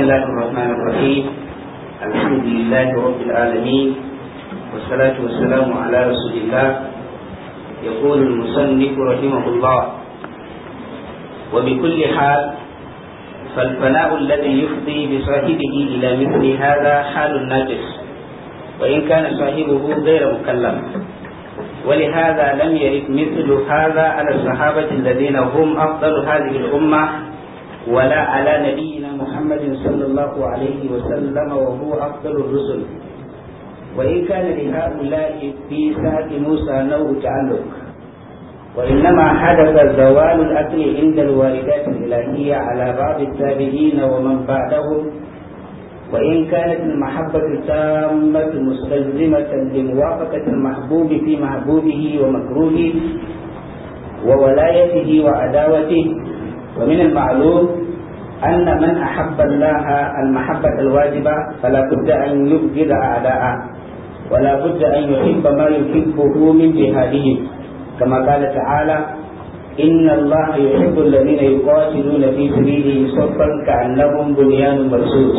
الله الرحمن الرحيم الحمد لله رب العالمين والصلاة والسلام على رسول الله يقول المصنف رحمه الله وبكل حال فالفناء الذي يفضي بصاحبه إلى مثل هذا حال ناجس وإن كان صاحبه غير مكلم ولهذا لم يرد مثل هذا على الصحابة الذين هم أفضل هذه الأمة ولا على نبي محمد صلى الله عليه وسلم وهو أفضل الرسل وإن كان لهؤلاء في ساعة موسى نوع تعلق وإنما حدث زوال الأكل عند الوالدات الإلهية على بعض التابعين ومن بعدهم وإن كانت المحبة التامة مستلزمة لموافقة المحبوب في محبوبه ومكروهه وولايته وعداوته ومن المعلوم أن من أحب الله المحبة الواجبة فلا بد أن يبغض أعداءه ولا بد أن يحب ما يحبه من جهاده كما قال تعالى إن الله يحب الذين يقاتلون في سبيله صفا كأنهم بنيان مرصوص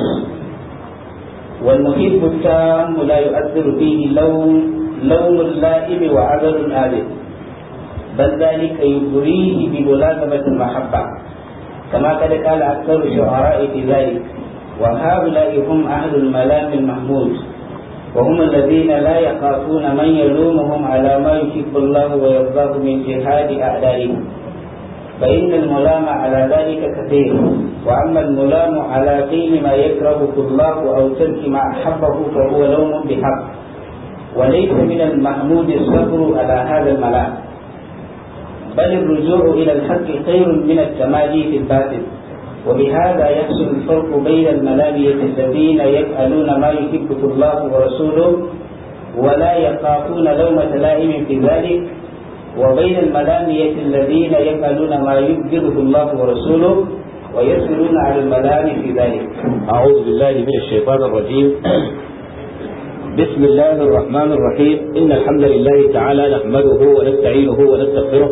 والمحب التام لا يؤثر فيه لوم لوم اللائم وعذر الآلم بل ذلك يبريه بملازمة المحبة كما قد قال أكثر الشعراء في ذلك وهؤلاء هم أهل الملام المحمود وهم الذين لا يخافون من يلومهم على ما يحب الله ويرضاه من جهاد أعدائهم فإن الملام على ذلك كثير وأما الملام على فعل ما يكرهه الله أو ترك ما أحبه فهو لوم بحق وليس من المحمود الصبر على هذا الملام بل الرجوع إلى الحق خير من التمادي في الباطل وبهذا يحصل الفرق بين الملامية الذين يفعلون ما يحبه الله ورسوله ولا يخافون لومة لائم في ذلك وبين الملامية الذين يفعلون ما يبغضه الله ورسوله ويسرون على الملام في ذلك أعوذ بالله من الشيطان الرجيم بسم الله الرحمن الرحيم إن الحمد لله تعالى نحمده ونستعينه ونستغفره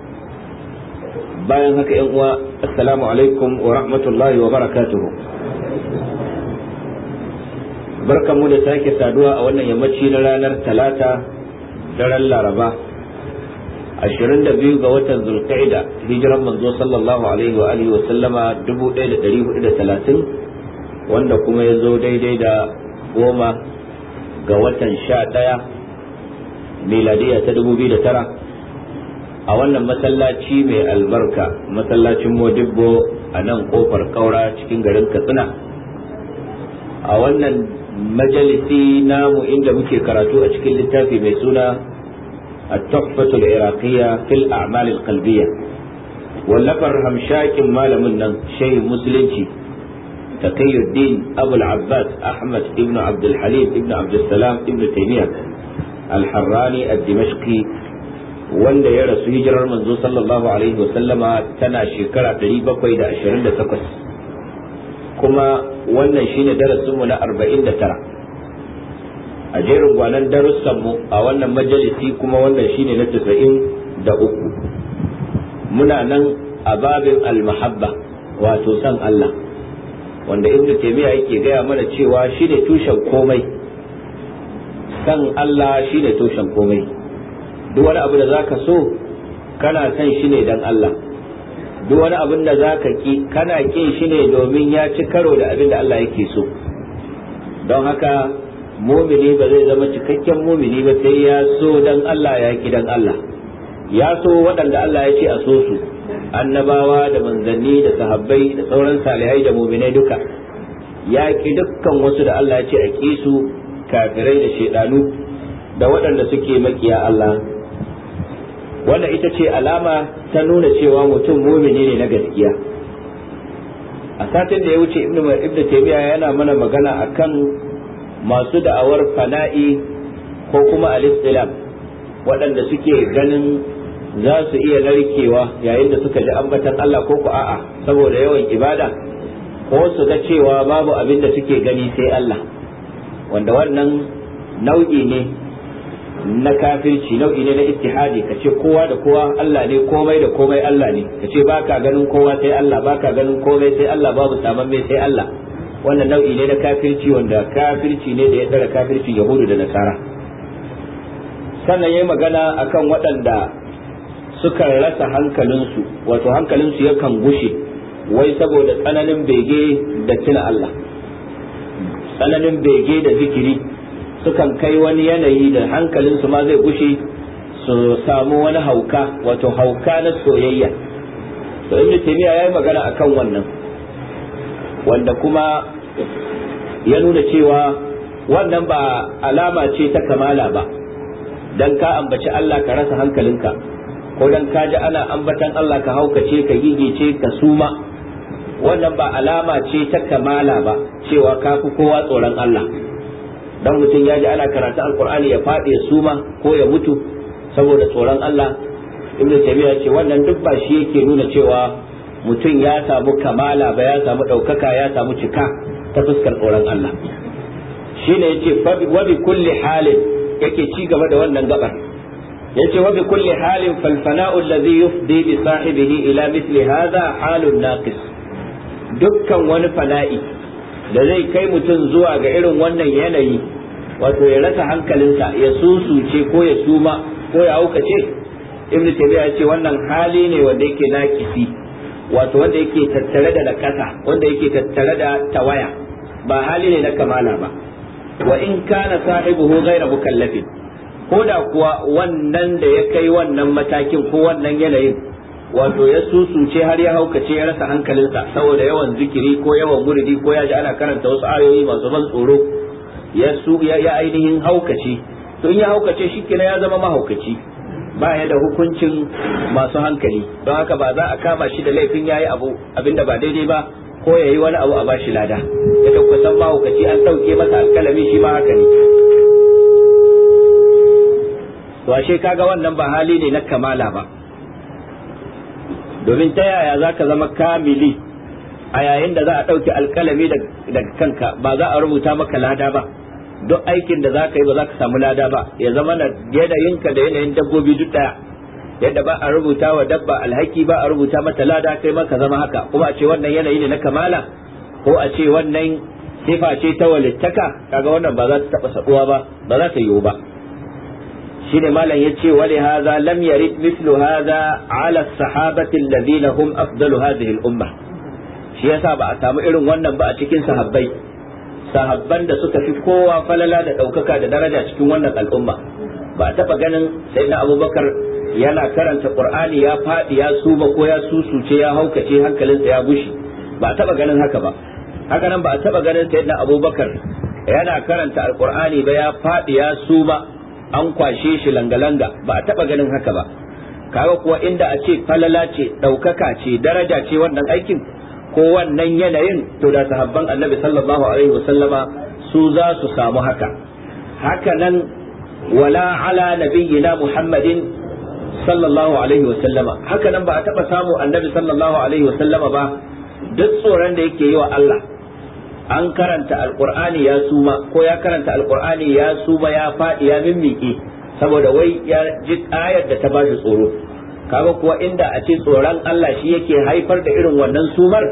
bayan haka yan uwa assalamu alaikum wa rahmatullahi wa barakatuhu barkanmu da sake saduwa a wannan yammaci na ranar talata daren laraba 22 ga watan zulqa'ida hijiran manzo sallallahu alaihi wa alihi wa sallama 1430 wanda kuma ya zo daidai da goma ga watan 11 miladiya ta 2009 a wannan masallaci mai albarka masallacin modibbo a nan kofar kaura cikin garin katsina a wannan majalisi namu inda muke karatu a cikin littafi mai suna iraqiyya التحفة العراقية في الأعمال malamin nan همشاك مالمنا taqiyuddin abu al-abbas ahmad العباس abdul halim عبد abdul salam عبد taymiyyah al-harrani الحراني dimashqi wanda ya rasu hijirar manzo sallallahu alaihi wa sallama tana shekara 728 kuma wannan shine darasinmu na 49 a jerin gwanan darussanmu a wannan majalisi kuma wannan shine na 93 muna nan a babin mahabba wato san Allah wanda ibnu taymiya yake gaya mana cewa shine tushen komai san Allah shine tushen komai duk wani abu da zaka so kana son shi ne dan Allah duk wani abin da zaka ki kana kin shi ne domin ya ci karo da abin da Allah yake so don haka mumini ba zai zama cikakken mumini ba sai ya so dan Allah ya ki dan Allah ya so waɗanda Allah ya ce a so su annabawa da manzanni da sahabbai da sauran salihai da muminai duka ya ki dukkan wasu da Allah ya ce a ki su kafirai da shedanu da waɗanda suke makiya Allah wanda ita ce alama ta nuna cewa mutum mumini ne na gaskiya a satin da ya wuce ibn taymiya yana mana magana a kan masu da'awar fana'i ko kuma al waɗanda suke ganin za su iya narkewa yayin da suka ji ambatan Allah ko a'a saboda yawan ibada ko su ga cewa babu abin da suke gani sai Allah wanda wannan nau'i ne na kafirci nau'i ne na ittihadi ce kowa da kowa Allah ne komai da komai Allah ne ka ba baka ganin kowa sai Allah baka ganin komai sai Allah babu saman mai sai Allah wannan nau'i ne na kafirci wanda kafirci ne da ya tsara kafircin yahudu da nasara sannan yayi magana akan waɗanda suka rasa hankalinsu wato hankalinsu yakan gushe wai saboda tsananin bege da tuna Allah tsananin bege da zikiri sukan kai wani yanayi da hankalinsu ma zai gushe su samu wani hauka wato hauka na soyayya to taimiyya ya yayi magana akan wannan wanda kuma ya nuna cewa wannan ba alama ce ta kamala ba dan ka ambaci Allah ka rasa hankalinka ko dan ka ji ana ambatan Allah ka haukace ka gigice ka suma wannan ba alama ce ta kamala ba cewa ka fi kowa tsoron Allah dan mutum ya ji ana karatu alqur'ani ya faɗi ya suma ko ya mutu saboda tsoron Allah ibnu ya ce wannan duk ba shi yake nuna cewa mutum ya samu kamala ba ya samu daukaka ya samu cika ta fuskar tsoron Allah ne yace wa bi kulli halin yake ci gaba da wannan gabar yace wa bi kulli halin fal fana'u alladhi yufdi bi sahibihi ila mithli hadha halun naqis dukkan wani fana'i da zai kai mutum zuwa ga irin wannan yanayi wato ya rasa hankalinsa ya susuce ko ya suma ko ya aukace ibn tabi'a ce wannan hali ne wanda yake nakisi wato wanda yake tattare da lakasa wanda yake tattare da tawaya ba hali ne na kamala ba wa in kana sahibuhu ghayra mukallafin ko da kuwa wannan da ya kai wannan matakin ko wannan yanayin wato ya susuce har ya haukace ya rasa hankalinsa saboda yawan zikiri ko yawan muridi ko ya ji ana karanta wasu ayoyi masu ban tsoro ya su ya ainihin haukace to in ya haukace shikenan ya zama mahaukaci ba ya da hukuncin masu hankali don haka ba za a kama shi da laifin yayi abu abinda ba daidai ba ko yayi wani abu a bashi lada ya tabbatan mahaukaci an dauke masa alkalami shi ma haka ne to ashe kaga wannan ba hali ne na kamala ba domin ta yaya za ka zama kamili a yayin da za a ɗauki alƙalami daga kanka ba za a rubuta maka lada ba duk aikin da za ka yi ba za ka samu lada ba ya zama na yanayinka da yanayin dabbobi duk ɗaya yadda ba a rubuta wa dabba alhaki ba a rubuta mata lada kai maka zama haka kuma a ce wannan yanayi ne na kamala ko a ce wannan sifa ce ta walittaka kaga wannan ba za ta taɓa saduwa ba ba za ta yiwu ba shine malam yace wali hadha lam yarid mithlu hadha ala sahabati alladhina hum afdalu hadhihi al-umma shi yasa ba a samu irin wannan ba a cikin sahabbai sahabban da suka fi kowa falala da daukaka da daraja cikin wannan al'umma ba a taba ganin sayyidina abubakar yana karanta qur'ani ya fadi ya suba ko ya susuce ya haukace hankalinsa ya gushi ba a taba ganin haka ba haka nan ba a taba ganin sayyidina abubakar yana karanta alqur'ani ba ya fadi ya suba an kwashe shi langa-langa ba a taba ganin haka ba kaga kuwa inda a ce falala ce ɗaukaka ce daraja ce wannan aikin ko wannan yanayin to da sahabban annabi sallallahu alaihi wasallama su za su samu haka haka nan wala ala nabiyyina muhammadin sallallahu alaihi wasallama haka nan ba a taba samu annabi sallallahu alaihi wasallama ba duk tsoron da yake yi wa Allah an karanta alkur'ani ya suma ko ya karanta alkur'ani ya suma ya faɗi ya mimmike saboda wai ya ji ayar da ta ba shi tsoro kaga kuwa inda a ce tsoron Allah shi yake haifar da irin wannan sumar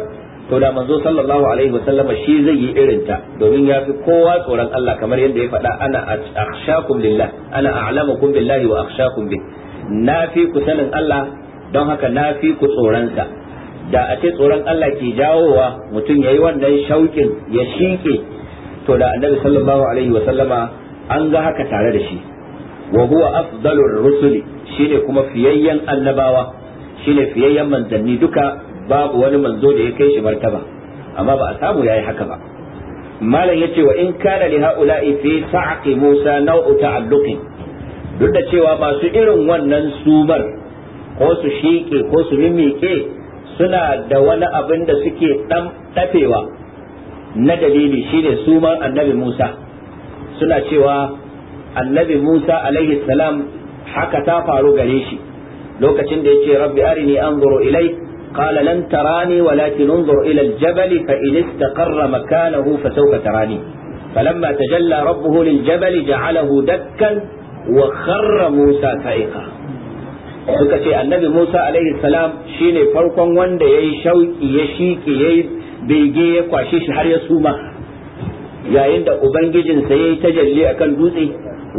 to da manzo sallallahu alaihi wasallama shi zai yi irin ta domin ya fi kowa tsoron Allah kamar yadda ya faɗa ana akhshakum lillah ana a'lamukum billahi wa akhshakum bih na fi ku sanin Allah don haka na fi ku tsoronsa da a ce tsoron Allah ke jawo wa mutum ya yi wannan shauƙin ya shike to da annabi sallallahu alaihi wa sallama an ga haka tare da shi wa huwa afdalur rusuli shine kuma fiyayyen annabawa shine fiyayyen manzanni duka babu wani manzo da ya kai shi martaba amma ba a samu yayi haka ba malam yace wa in kana li haula'i fi sa'qi Musa naw'u ta'alluqin duk da cewa masu irin wannan sumar ko su shike ko su mimike suna da wani abin da suke dan dafewa na dalili shine suman annabi Musa suna cewa annabi Musa alaihi salam haka ta faru gare shi lokacin da yace rabbi arini anzuru ilai qala lan tarani walakin unzur ila aljabali fa in istaqarra makanahu fasawfa tarani فلما تجلى ربه للجبل جعله دكا وخر موسى سائقا suka ce annabi Musa alaihi salam shine farkon wanda ya yi shauki ya shike ya bege ya kwashe shi har ya suma yayin da ubangijinsa ya yi tajalli akan dutse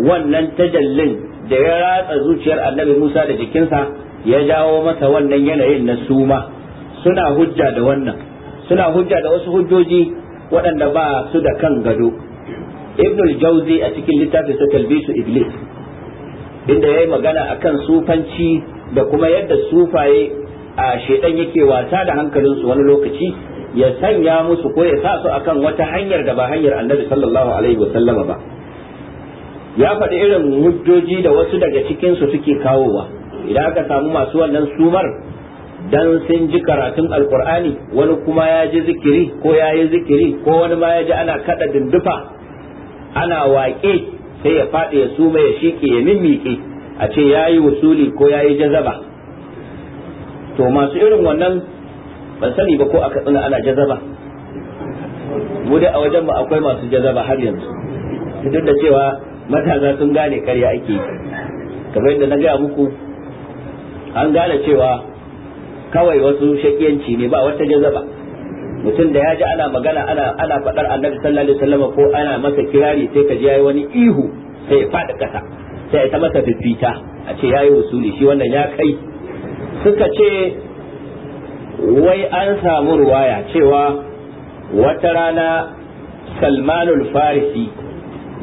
wannan tajallin da ya ratsa zuciyar annabi Musa da jikinsa ya jawo masa wannan yanayin na suma suna hujja da wannan suna hujja da wasu hujjoji waɗanda ba su da kan gado ibnul jauzi a cikin littafin sa talbisu iblis inda yayi magana akan sufanci da kuma yadda sufaye a shedan yake wasa da hankalinsu wani lokaci ya sanya musu ko ya sa su akan wata hanyar da ba hanyar annabi sallallahu alaihi wasallama ba ya faɗi irin mujjoji da wasu daga cikinsu suke kawowa idan aka samu masu wannan sumar dan sun ji karatun alkur'ani wani kuma ya ji zikiri ko ya yi zikiri ko wani ma ya ji ana kada dindufa ana waƙe sai ya faɗi ya suma ya shike ya mimmiƙe a ce ya yi wasuli ko ya yi jazaba to masu irin wannan ban sani ba ko aka tsina ana jazaba mu a wajen ba akwai masu jazaba har yanzu duk da cewa matasa sun gane karya ake kamar yadda na gaya muku an gane cewa kawai wasu shakiyanci ne ba wata jazaba mutum da ya ji ana magana ana ana faɗar annabi sallallahu alaihi wasallam ko ana masa kirari sai ka ji yayi wani ihu sai ya faɗi ƙasa sai ta masa fifita a ce yayi usuli shi wannan ya kai suka ce wai an samu ruwaya cewa wata rana salmanul farisi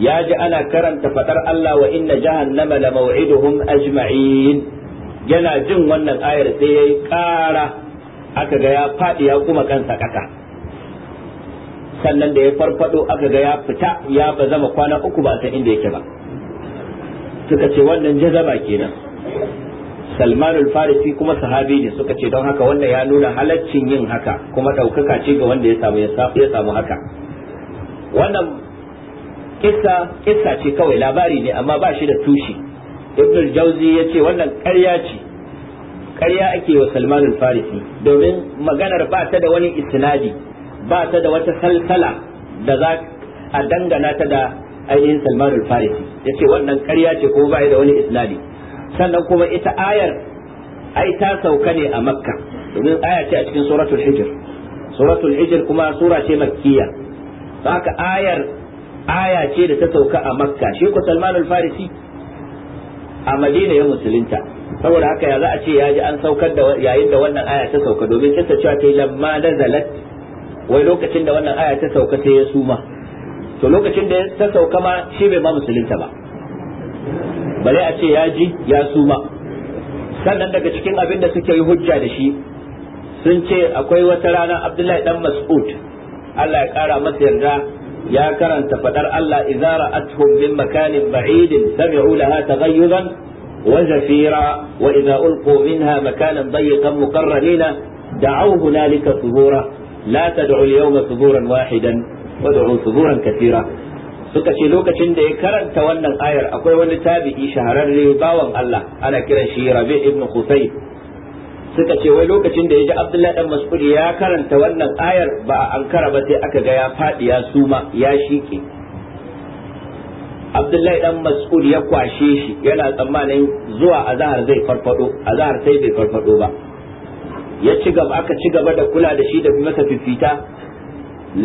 ya ji ana karanta faɗar Allah wa inna jahannama la maw'iduhum ajma'in yana jin wannan ayar sai yayi ƙara aka ga ya faɗi ya kuma kansa ƙasa sannan da ya farfado aka ga ya fita ya ba zama kwana uku ba ta inda yake ba suka ce wannan jazaba kenan salman al-farisi kuma sahabi ne suka ce don haka wannan ya nuna halaccin yin haka kuma ɗaukaka ce ga wanda ya samu ya samu haka wannan kissa kissa ce kawai labari ne amma ba shi da tushe ibn Jauzi ya ce wannan ƙarya ce ƙarya ake wa Salman farisi domin maganar ba ta da wani isnadi ba ta da wata salsala da za a dangana ta da ainihin Salman al-Farisi yace wannan ƙarya ce ko ba da wani isnadi sannan kuma ita ayar ai ta sauka ne a Makka domin aya ce a cikin suratul Hijr suratul Hijr kuma sura ce makkiya haka ayar aya ce da ta sauka a Makka shi ku Salman farisi a madina ya musulunta saboda haka ya za a ce ya ji an saukar da yayin da wannan aya ta sauka domin kisa cewa ta lamma zalat wai lokacin da wannan aya ta sauka sai ya suma to lokacin da ta sauka ma shi bai ma musulunta ba bare a ce ya ji ya suma sannan daga cikin abin da suke yi hujja da shi sun ce akwai wata rana abdullahi dan mas'ud Allah ya kara masa yarda يا كرن تفدر الله إذا رأتهم من مكان بعيد سمعوا لها تغيظا وزفيرا وإذا ألقوا منها مكانا ضيقا مقرنين دعوا هنالك ثبورا لا تدعوا اليوم ثبورا واحدا وادعوا ثبورا كثيرا suka ce lokacin da ya karanta wannan ayar akwai wani tabi'i shahararre bawan Allah ana kiran shi rabi ibn Husayn suka ce wai lokacin da ya ji abdullahi dan mas'ud ya karanta wannan ayar ba a ankara ba sai aka ga ya faɗi ya suma ya shike abdullahi dan mas'ud ya kwashe shi yana tsammanin zuwa azahar zai farfado azahar sai bai farfado ba ya ci gaba aka ci gaba da kula da shi da masa fifita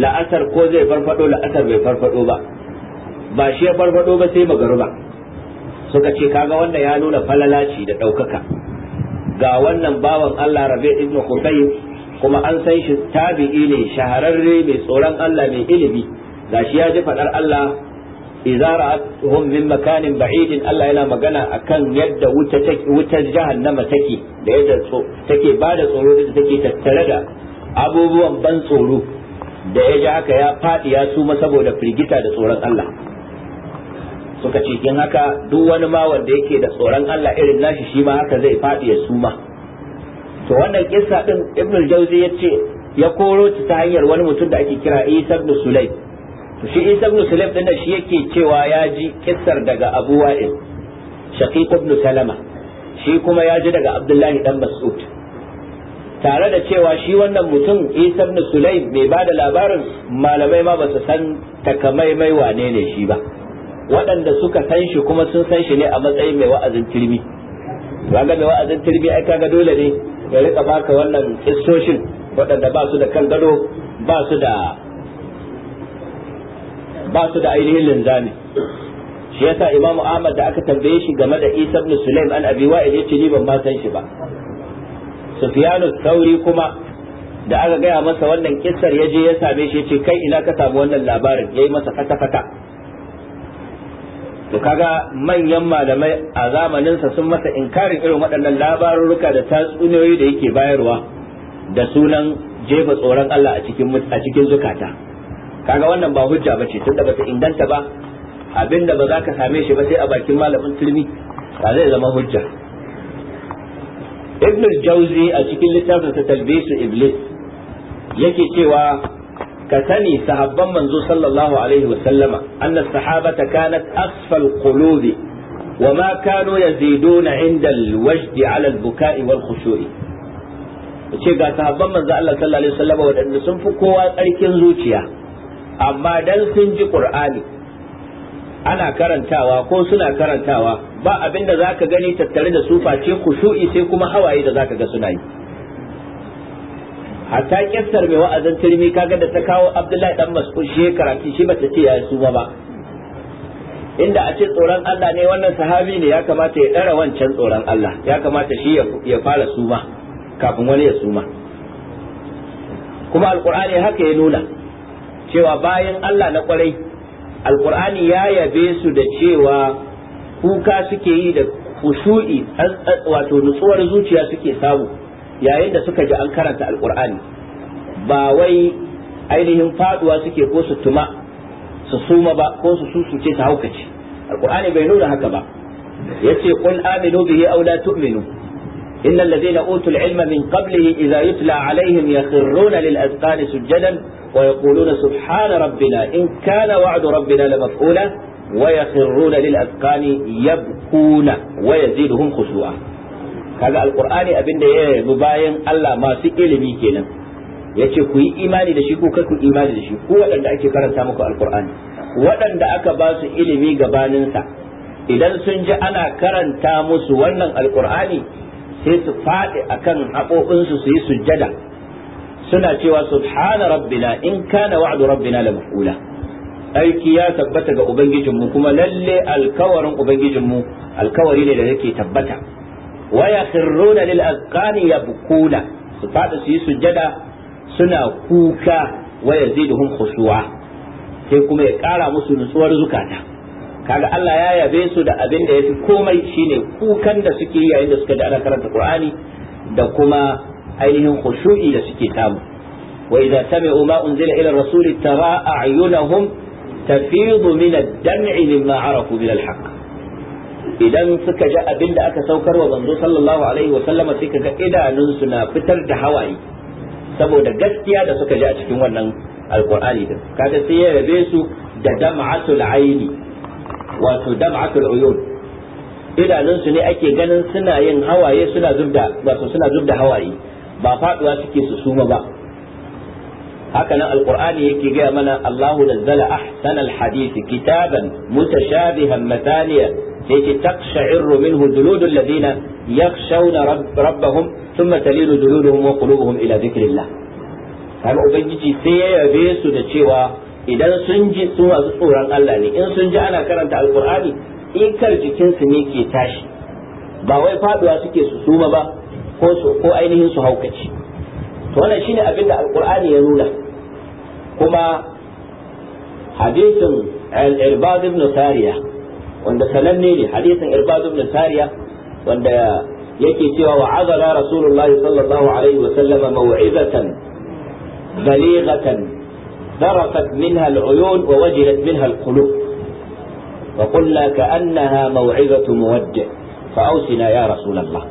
la'asar ko zai farfado la'asar bai farfado ba ba shi ya farfado ba sai magaruba suka ce kaga wannan ya nuna falalaci da ɗaukaka ga wannan bawan Allah rabe ibn Qusay kuma an san shi tabi'i ne shahararre mai tsoron Allah mai ilimi gashi ya ji fadar Allah idza ra'atuhum min makanin ba'idin Allah yana magana akan yadda wuta take wutar jahannama take da yadda take bada tsoro da take tattare da abubuwan ban tsoro da ya ji haka ya faɗi ya suma saboda firgita da tsoron Allah suka ce in haka duk wani ma wanda yake da tsoron Allah irin nashi shi ma haka zai faɗi ya suma to wannan kissa din Ibn Jauzi ya ce ya koro ta ta hanyar wani mutum da ake kira Isa ibn Sulaim to shi Isa ibn Sulaim din shi yake cewa ya ji kissar daga Abu Wa'il Shaqiq ibn Salama shi kuma ya ji daga Abdullahi dan Mas'ud tare da cewa shi wannan mutum Isa ibn Sulaim mai bada labarin malamai ma ba su san takamaimai wane ne shi ba waɗanda suka san shi kuma sun san shi ne a matsayin mai wa'azin turmi ga mai wa'azin turmi ai kaga dole ne ya rika baka wannan kissoshin waɗanda ba su da kan gado ba su da ba su da ainihin linzami shi yasa imamu ahmad da aka tambaye shi game da isa ibn sulaim an abi wa'id yace ni ban ma san shi ba sufyanu thauri kuma da aka gaya masa wannan kissar yaje ya same shi yace kai ina ka samu wannan labarin yayi masa fata fata to kaga manyan malamai a zamaninsa sun masa inkarin irin waɗannan labarurruka da tatsuniyoyi da yake bayarwa da sunan jefa tsoron Allah a cikin a cikin zukata kaga wannan ba hujja bace da bata inganta ba abinda ba za ka same shi ba sai a bakin malamin turmi ba zai zama hujja ibn jauzi a cikin littafinsa talbisu iblis yake cewa ka sani sahabban manzo sallallahu alaihi wa sallama anna sahabata kanat asfal qulubi wa ma kanu yaziduna inda alwajdi ala albukai ce ga sahabban manzo Allah sallallahu alaihi wa wadanda sun fi kowa tsarkin zuciya amma dan sun ji qur'ani ana karantawa ko suna karantawa ba abinda zaka gani tattare da su face khushu'i sai kuma hawaye da zaka ga suna yi hatta kissar mai wa'azin turmi kaga da ta kawo abdullahi dan mas'ud shi karanti shi bata ce ya su ba inda a ce tsoron Allah ne wannan sahabi ne ya kamata ya ɗara wancan tsoron Allah ya kamata shi ya fara suma kafin wani ya suma kuma alkur'ani haka ya nuna cewa bayan Allah na kwarai alkur'ani ya yabe su da cewa kuka suke yi da kushu'i wato nutsuwar zuciya suke samu yayin da suka ji an karanta alqur'ani ba wai ainihin faɗuwa suke ko su tuma su suma ba ko su susuce su haukace alqur'ani bai nuna haka ba yace qul aminu bihi aw la tu'minu innal ladina utul ilma min qablihi idza yutla alaihim yakhruna lil azqani sujadan ويقولون سبحان ربنا إن كان وعد ربنا لمفعولا ويخرون للأذقان يبكون ويزيدهم خشوعا kaga abin da ya yanzu bayan Allah masu ilimi kenan yace ku yi imani da shi ko kar ku imani da shi ko waɗanda ake karanta muku alqur'ani waɗanda aka ba su ilimi gabanin sa idan sun ji ana karanta musu wannan alqur'ani sai su faɗi akan haƙoƙinsu su yi sujjada suna cewa subhana rabbina in kana wa'du rabbina la maf'ula aiki ya tabbata ga ubangijinmu kuma lalle alkawarin ubangijinmu alkawari ne da yake tabbata wa yakhruna lil azqani yabkuna su fada su sujjada suna kuka wa yaziduhum khushu'a sai kuma ya kara musu nutsuwar zukata kaga Allah ya yabe su da abin da yafi komai shine kukan da suke yi yayin da suka da ana karanta Qur'ani da kuma ainihin khushu'i da suke samu wa idza sami'u ma unzila ila rasuli tara a'yunahum tafidu min ad-dam'i mimma arafu min haqq idan suka ji abin da aka saukar wa manzo sallallahu alaihi wa sallama sai kaga idanunsu na fitar da hawaye saboda gaskiya da suka ji a cikin wannan alqur'ani din kaga sai ya rabe su da dam'atul aini wato dam'atul uyun idanunsu ne ake ganin suna yin hawaye suna zubda wato suna zubda hawaye ba faduwa suke su suma ba Hakanan nan alqur'ani yake gaya mana Allahu nazzala ahsanal hadisi kitaban mutashabihan mataniya sai ce taqsha'irru minhu juludul ladina yakhshawna rabbahum thumma talinu juluduhum wa qulubuhum ila dhikrillah kaga ubangiji sai ya yabe su da cewa idan sun ji su masu tsoron Allah ne in sun ji ana karanta alqur'ani ikar jikinsu ne ke tashi ba wai faɗuwa suke su suma ba ko ainihin su haukaci to shine abin da alqur'ani ya nuna kuma hadisin al-irbad ibn wanda sananne ne hadisin irbadu ibn sariya wanda yake cewa wa wa'azana rasulullahi sallallahu alaihi wa sallama maw'izatan balighatan darafat minha درقت منها العيون ووجلت منها القلوب فقلنا كأنها موعظة مودع fa يا ya rasulullah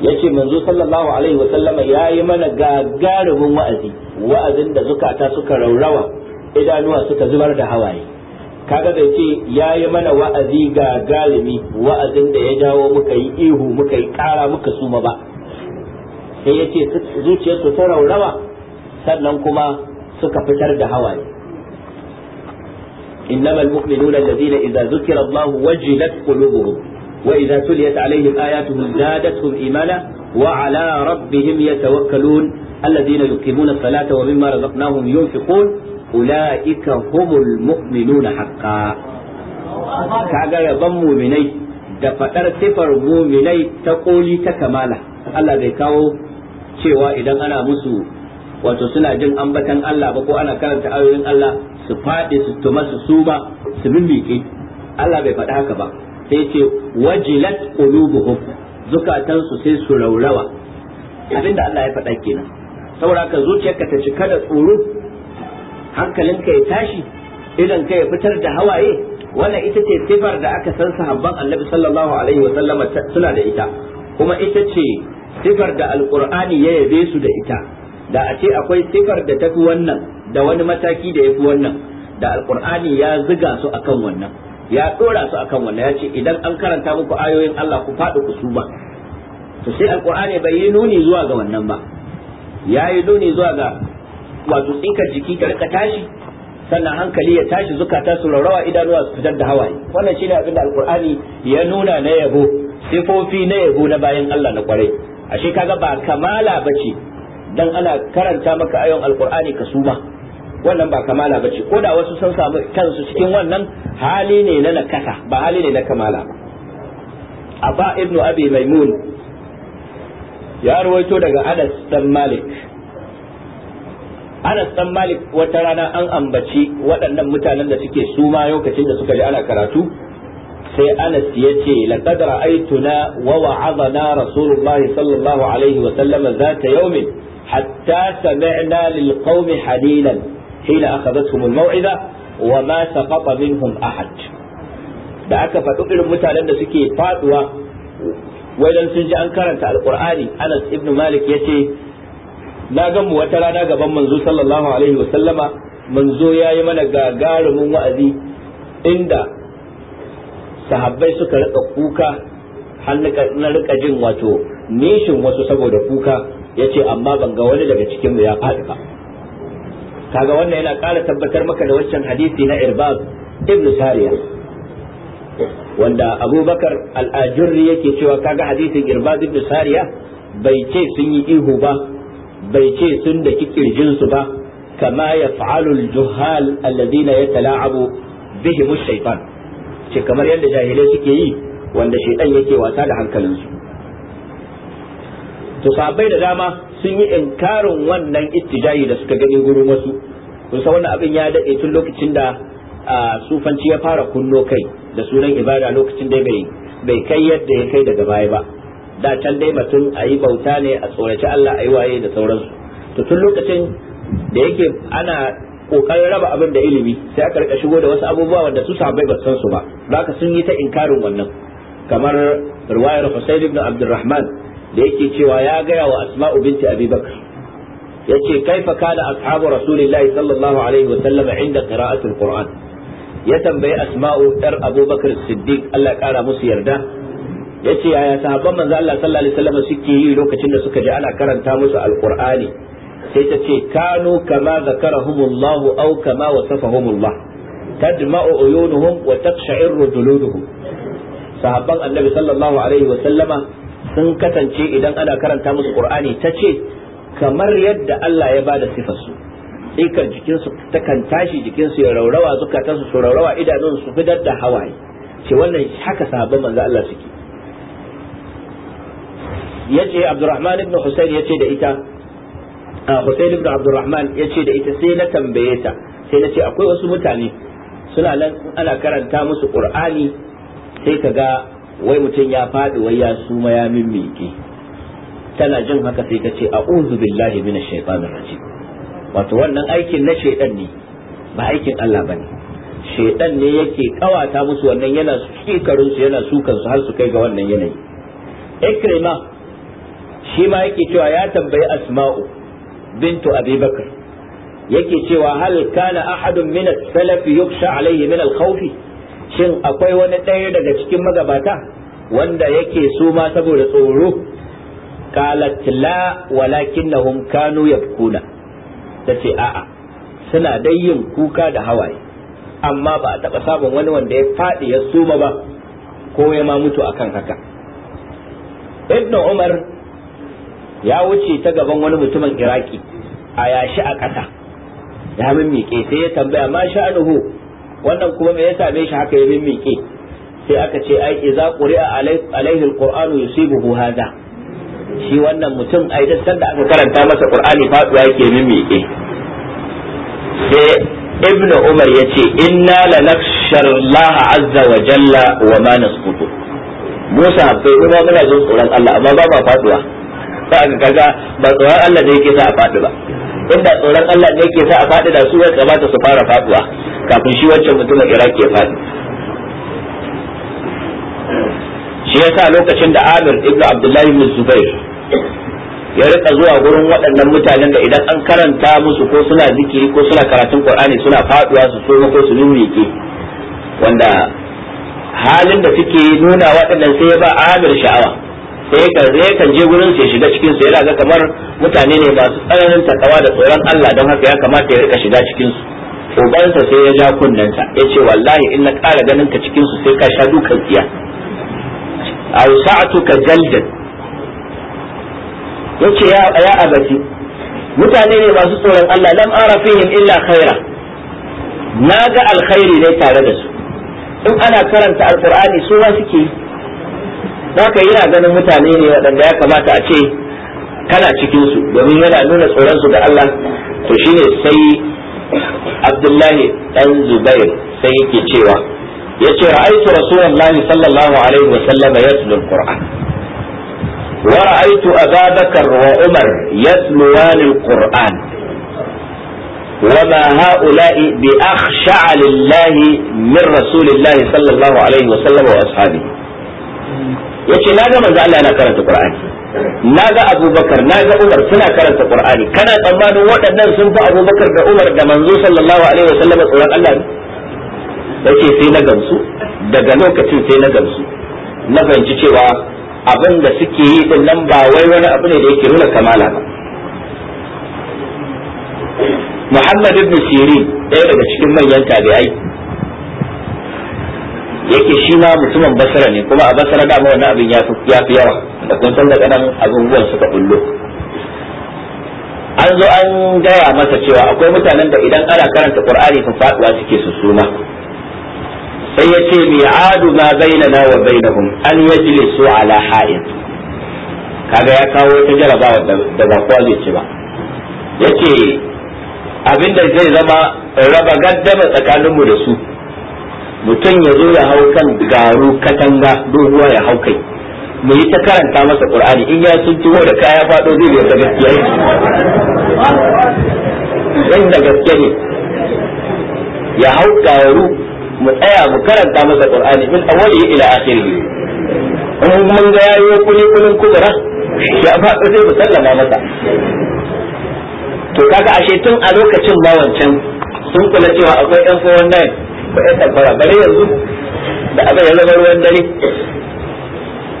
yace manzo sallallahu alaihi wa sallama yayi mana gagarumin wa'azi wa'azin da zukata suka raurawa idanuwa suka zubar da hawaye kaga bai ce ya yi mana wa'azi ga galimi wa'azin da ya jawo muka yi ihu muka yi kara muka suma ba sai ya ce zuciyarsu ta raurawa sannan kuma suka fitar da hawaye إنما المؤمنون الذين إذا ذكر الله وجلت قلوبهم وإذا تليت عليهم آياته زادتهم إيمانا وعلى ربهم يتوكلون الذين يقيمون الصلاة ومما رزقناهم ينفقون ula'ika humul mu'minuna haqqa kaga rabon muminai da faɗar sifar muminai ta koli ta kamala Allah bai kawo cewa idan ana musu wato suna jin ambatan Allah ba ko ana karanta ayoyin Allah su faɗi su tuma su suba su mimmike Allah bai faɗi haka ba sai ce wajilat qulubuhum zukatansu sai su raurawa abinda Allah ya faɗa kenan saboda ka zuciyarka ta cika da tsoro Hankalin ka ya tashi idan ka ya fitar da hawaye wannan ita ce sifar da aka san sahabban annabi sallallahu alaihi wa suna da ita kuma ita ce sifar da alqur'ani ya yabe su da ita da a ce akwai sifar da tafi wannan da wani mataki da yafi wannan da alqur'ani ya ziga su akan wannan ya dora su akan wannan ya ce idan an karanta muku ayoyin Allah ku faɗi ku suba to sai alqur'ani bai yi nuni zuwa ga wannan ba ya yi nuni zuwa ga wato tsikar jiki ta rika tashi sannan hankali ya tashi zukata su rarrawa idanuwa su fitar da hawaye wannan shine abin da alqur'ani ya nuna na yabo sifofi na yabo na bayan Allah na kwarai ashe kaga ba kamala bace dan ana karanta maka ayon alqur'ani ka suma wannan ba kamala bace ko da wasu sun samu kansu cikin wannan hali ne na nakasa ba hali ne na kamala ba abba ibnu abi maimun ya ruwaito daga anas dan malik Anas dan Malik wata rana an ambaci waɗannan mutanen da suke suma lokacin da suka ji ana karatu sai Anas ya ce laqad ra'aytuna wa wa'adana Rasulullahi sallallahu alaihi wa sallama zata yawmin hatta sami'na lil qaumi halilan hina akhadathum al maw'ida wa ma saqata minhum ahad da aka faɗi irin mutanen da suke faduwa wai dan sun ji an karanta alqur'ani Anas ibn Malik yace na gan mu wata rana gaban manzo sallallahu alaihi wa sallama manzo yayi mana gagarumin wa'azi inda sahabbai suka rika kuka na rika jin wato nishin wasu saboda kuka yace amma ban ga wani daga cikin mu ya faɗi ba kaga wannan yana ƙara tabbatar maka da waccan hadisi na irbab ibn sariya wanda abubakar Al-Ajurri yake cewa kaga hadisin irbab ibn sariya bai ce sun yi ihu ba bai ce sun da kirjin su ba kama ya al-juhal alladhina yatala'abu bihim ash-shaytan ce kamar yadda jahilai suke yi wanda shaytan yake wasa da hankalinsu to sabai da dama sun yi inkarin wannan ittijayi da suka gani gurin wasu kusa wannan abin ya dade tun lokacin da sufanci ya fara kunno kai da sunan ibada lokacin da bai kai yadda ya kai daga baya ba da can dai mutum a yi bauta ne a tsoraci Allah a yi waye da sauransu to tun lokacin da yake ana kokarin raba abin da ilimi sai aka rika shigo da wasu abubuwa wanda su sahabbai ba san su ba haka sun yi ta inkarin wannan kamar riwayar Husayn ibn Abdurrahman da yake cewa ya gaya wa Asma'u binti Abi Bakr yace kaifa kana ashabu rasulillahi sallallahu alaihi wa sallam inda qira'atul Qur'an ya tambayi Asma'u dar abubakar Siddiq Allah ya kara musu yarda yace yaya sahabban manzo Allah sallallahu alaihi wasallam suke yi lokacin da suka ji ana karanta musu alqur'ani sai ta ce kanu kama zakarahumullahu aw kama wasafahumullah tadma'u uyunuhum wa taqsha'irru juluduhum sahabban annabi sallallahu alaihi wasallama sun kasance idan ana karanta musu qur'ani ta ce kamar yadda Allah ya bada sifarsu tsikar jikinsu takan tashi jikinsu ya raurawa zukatansu su raurawa idanunsu su fitar da hawaye ce wannan haka sahabban manzo Allah suke yace Abdurrahman ibn Husayn yace da ita Husayn ibn Abdurrahman yace da ita sai na tambaye ta sai na ce akwai wasu mutane suna nan ana karanta musu Qur'ani sai ka ga wai mutum ya faɗi wai ya suma ya mimmiki tana jin haka sai ta ce a'udhu billahi minash shaitanir rajim wato wannan aikin na shaitan ne ba aikin Allah bane shaitan ne yake kawata musu wannan yana su yana sukan su har su kai ga wannan yanayi ikrima shi ma yake cewa ya tambayi asma'u bintu abi bakr yake cewa hal kana ahadun min as-salaf yukhsha alayhi min al khawf shin akwai wani ɗaya daga cikin magabata wanda yake su ma saboda tsoro qalat la walakinnahum kanu yabkuna tace a'a suna dai yin kuka da hawaye amma ba a taɓa samun wani wanda ya faɗi ya suma ba ko ya ma mutu akan haka ibnu umar ya wuce ta gaban wani mutumin iraki a yashi a ƙasa ya mimmiƙe sai ya tambaya ma sha'anuhu wannan kuma me ya same shi haka ya mimmiƙe? sai aka ce ai iza quri'a alaihi alqur'anu yusibuhu hadha shi wannan mutum ai duk sanda aka karanta masa qur'ani faduwa yake mimmiƙe? sai ibnu umar yace inna la Allah azza wa jalla wa ma nasqutu Musa bai kuma muna jin tsoron Allah amma ba ma faduwa aka kaga ba tsoron Allah ne yake sa a faɗi ba inda tsoron Allah ne yake sa a faɗi da su ya kamata su fara faɗuwa kafin shi wancan mutumin Iraq ya faɗi shi ya sa lokacin da Amir ibn Abdullah ibn Zubair ya rika zuwa gurin waɗannan mutanen da idan an karanta musu ko suna zikiri ko suna karatun Qur'ani suna faɗuwa su so ko su mimike wanda halin da suke nuna waɗannan sai ya ba Amir sha'awa sai ka zai kan je gurin sai shiga cikin su yana ga kamar mutane ne masu tsananin takawa da tsoron Allah don haka ya kamata ya rika shiga cikin su ubansa sai ya ja kunnensa ya ce wallahi in na ƙara ganin ka cikin su sai ka sha dukan tsiya a sa'atu ka jaldan yace ya ya abati mutane ne masu tsoron Allah lam ara illa khaira na ga alkhairi ne tare da su in ana karanta alqur'ani su wa suke haka yana ganin mutane ne waɗanda ya kamata a ce kana cikin su domin yana nuna tsoronsu su da Allah to shine sai Abdullahi dan Zubair sai yake cewa yace ra'aytu Rasulullahi sallallahu alaihi wa sallam yatlu al-Qur'an wa ra'aytu Abu Bakar wa Umar yatluwan al-Qur'an وما هؤلاء بأخشع لله من رسول الله صلى الله عليه وسلم وأصحابه yace na ga manzo Allah yana karanta Qur'ani na ga Abubakar na ga Umar suna karanta Qur'ani kana tsammanin waɗannan sun fi Abubakar da Umar da manzo sallallahu alaihi wasallam tsoron Allah ne? yace sai na gamsu daga lokacin sai na gamsu na fahimci cewa abin da suke yi din nan ba wai wani abu ne da yake nuna kamala ba Muhammad ibn Sirin ɗaya daga cikin manyan tabi'ai yake shi ma mutumin basara ne kuma a basara dama wani abin ya fi yawa da kun san daga nan abubuwan suka bullo an zo an gaya masa cewa akwai mutanen da idan ana karanta qur'ani fa faɗuwa suke su sai ya ce adu ma bainana wa bainahum an yajlisu ala ha'id kaga ya kawo ta jarabawa da ba kwa zai ce ba yace abinda zai zama raba gaddama tsakaninmu da su mutum ya zo ya hau kan garu katanga doguwa ya hau kai mu yi ta karanta masa qur'ani in ya sun tuwo da kaya fado zai ga gaskiya da gaske ne ya hau garu mu tsaya mu karanta masa qur'ani min awwali ila akhirih in mun ga yayi kuli kulin kubra ya ba sai mu sallama masa to kaga ashe tun a lokacin ma wancan sun kula cewa akwai yan 419 ya bare yanzu da abin ya zama ruwan dare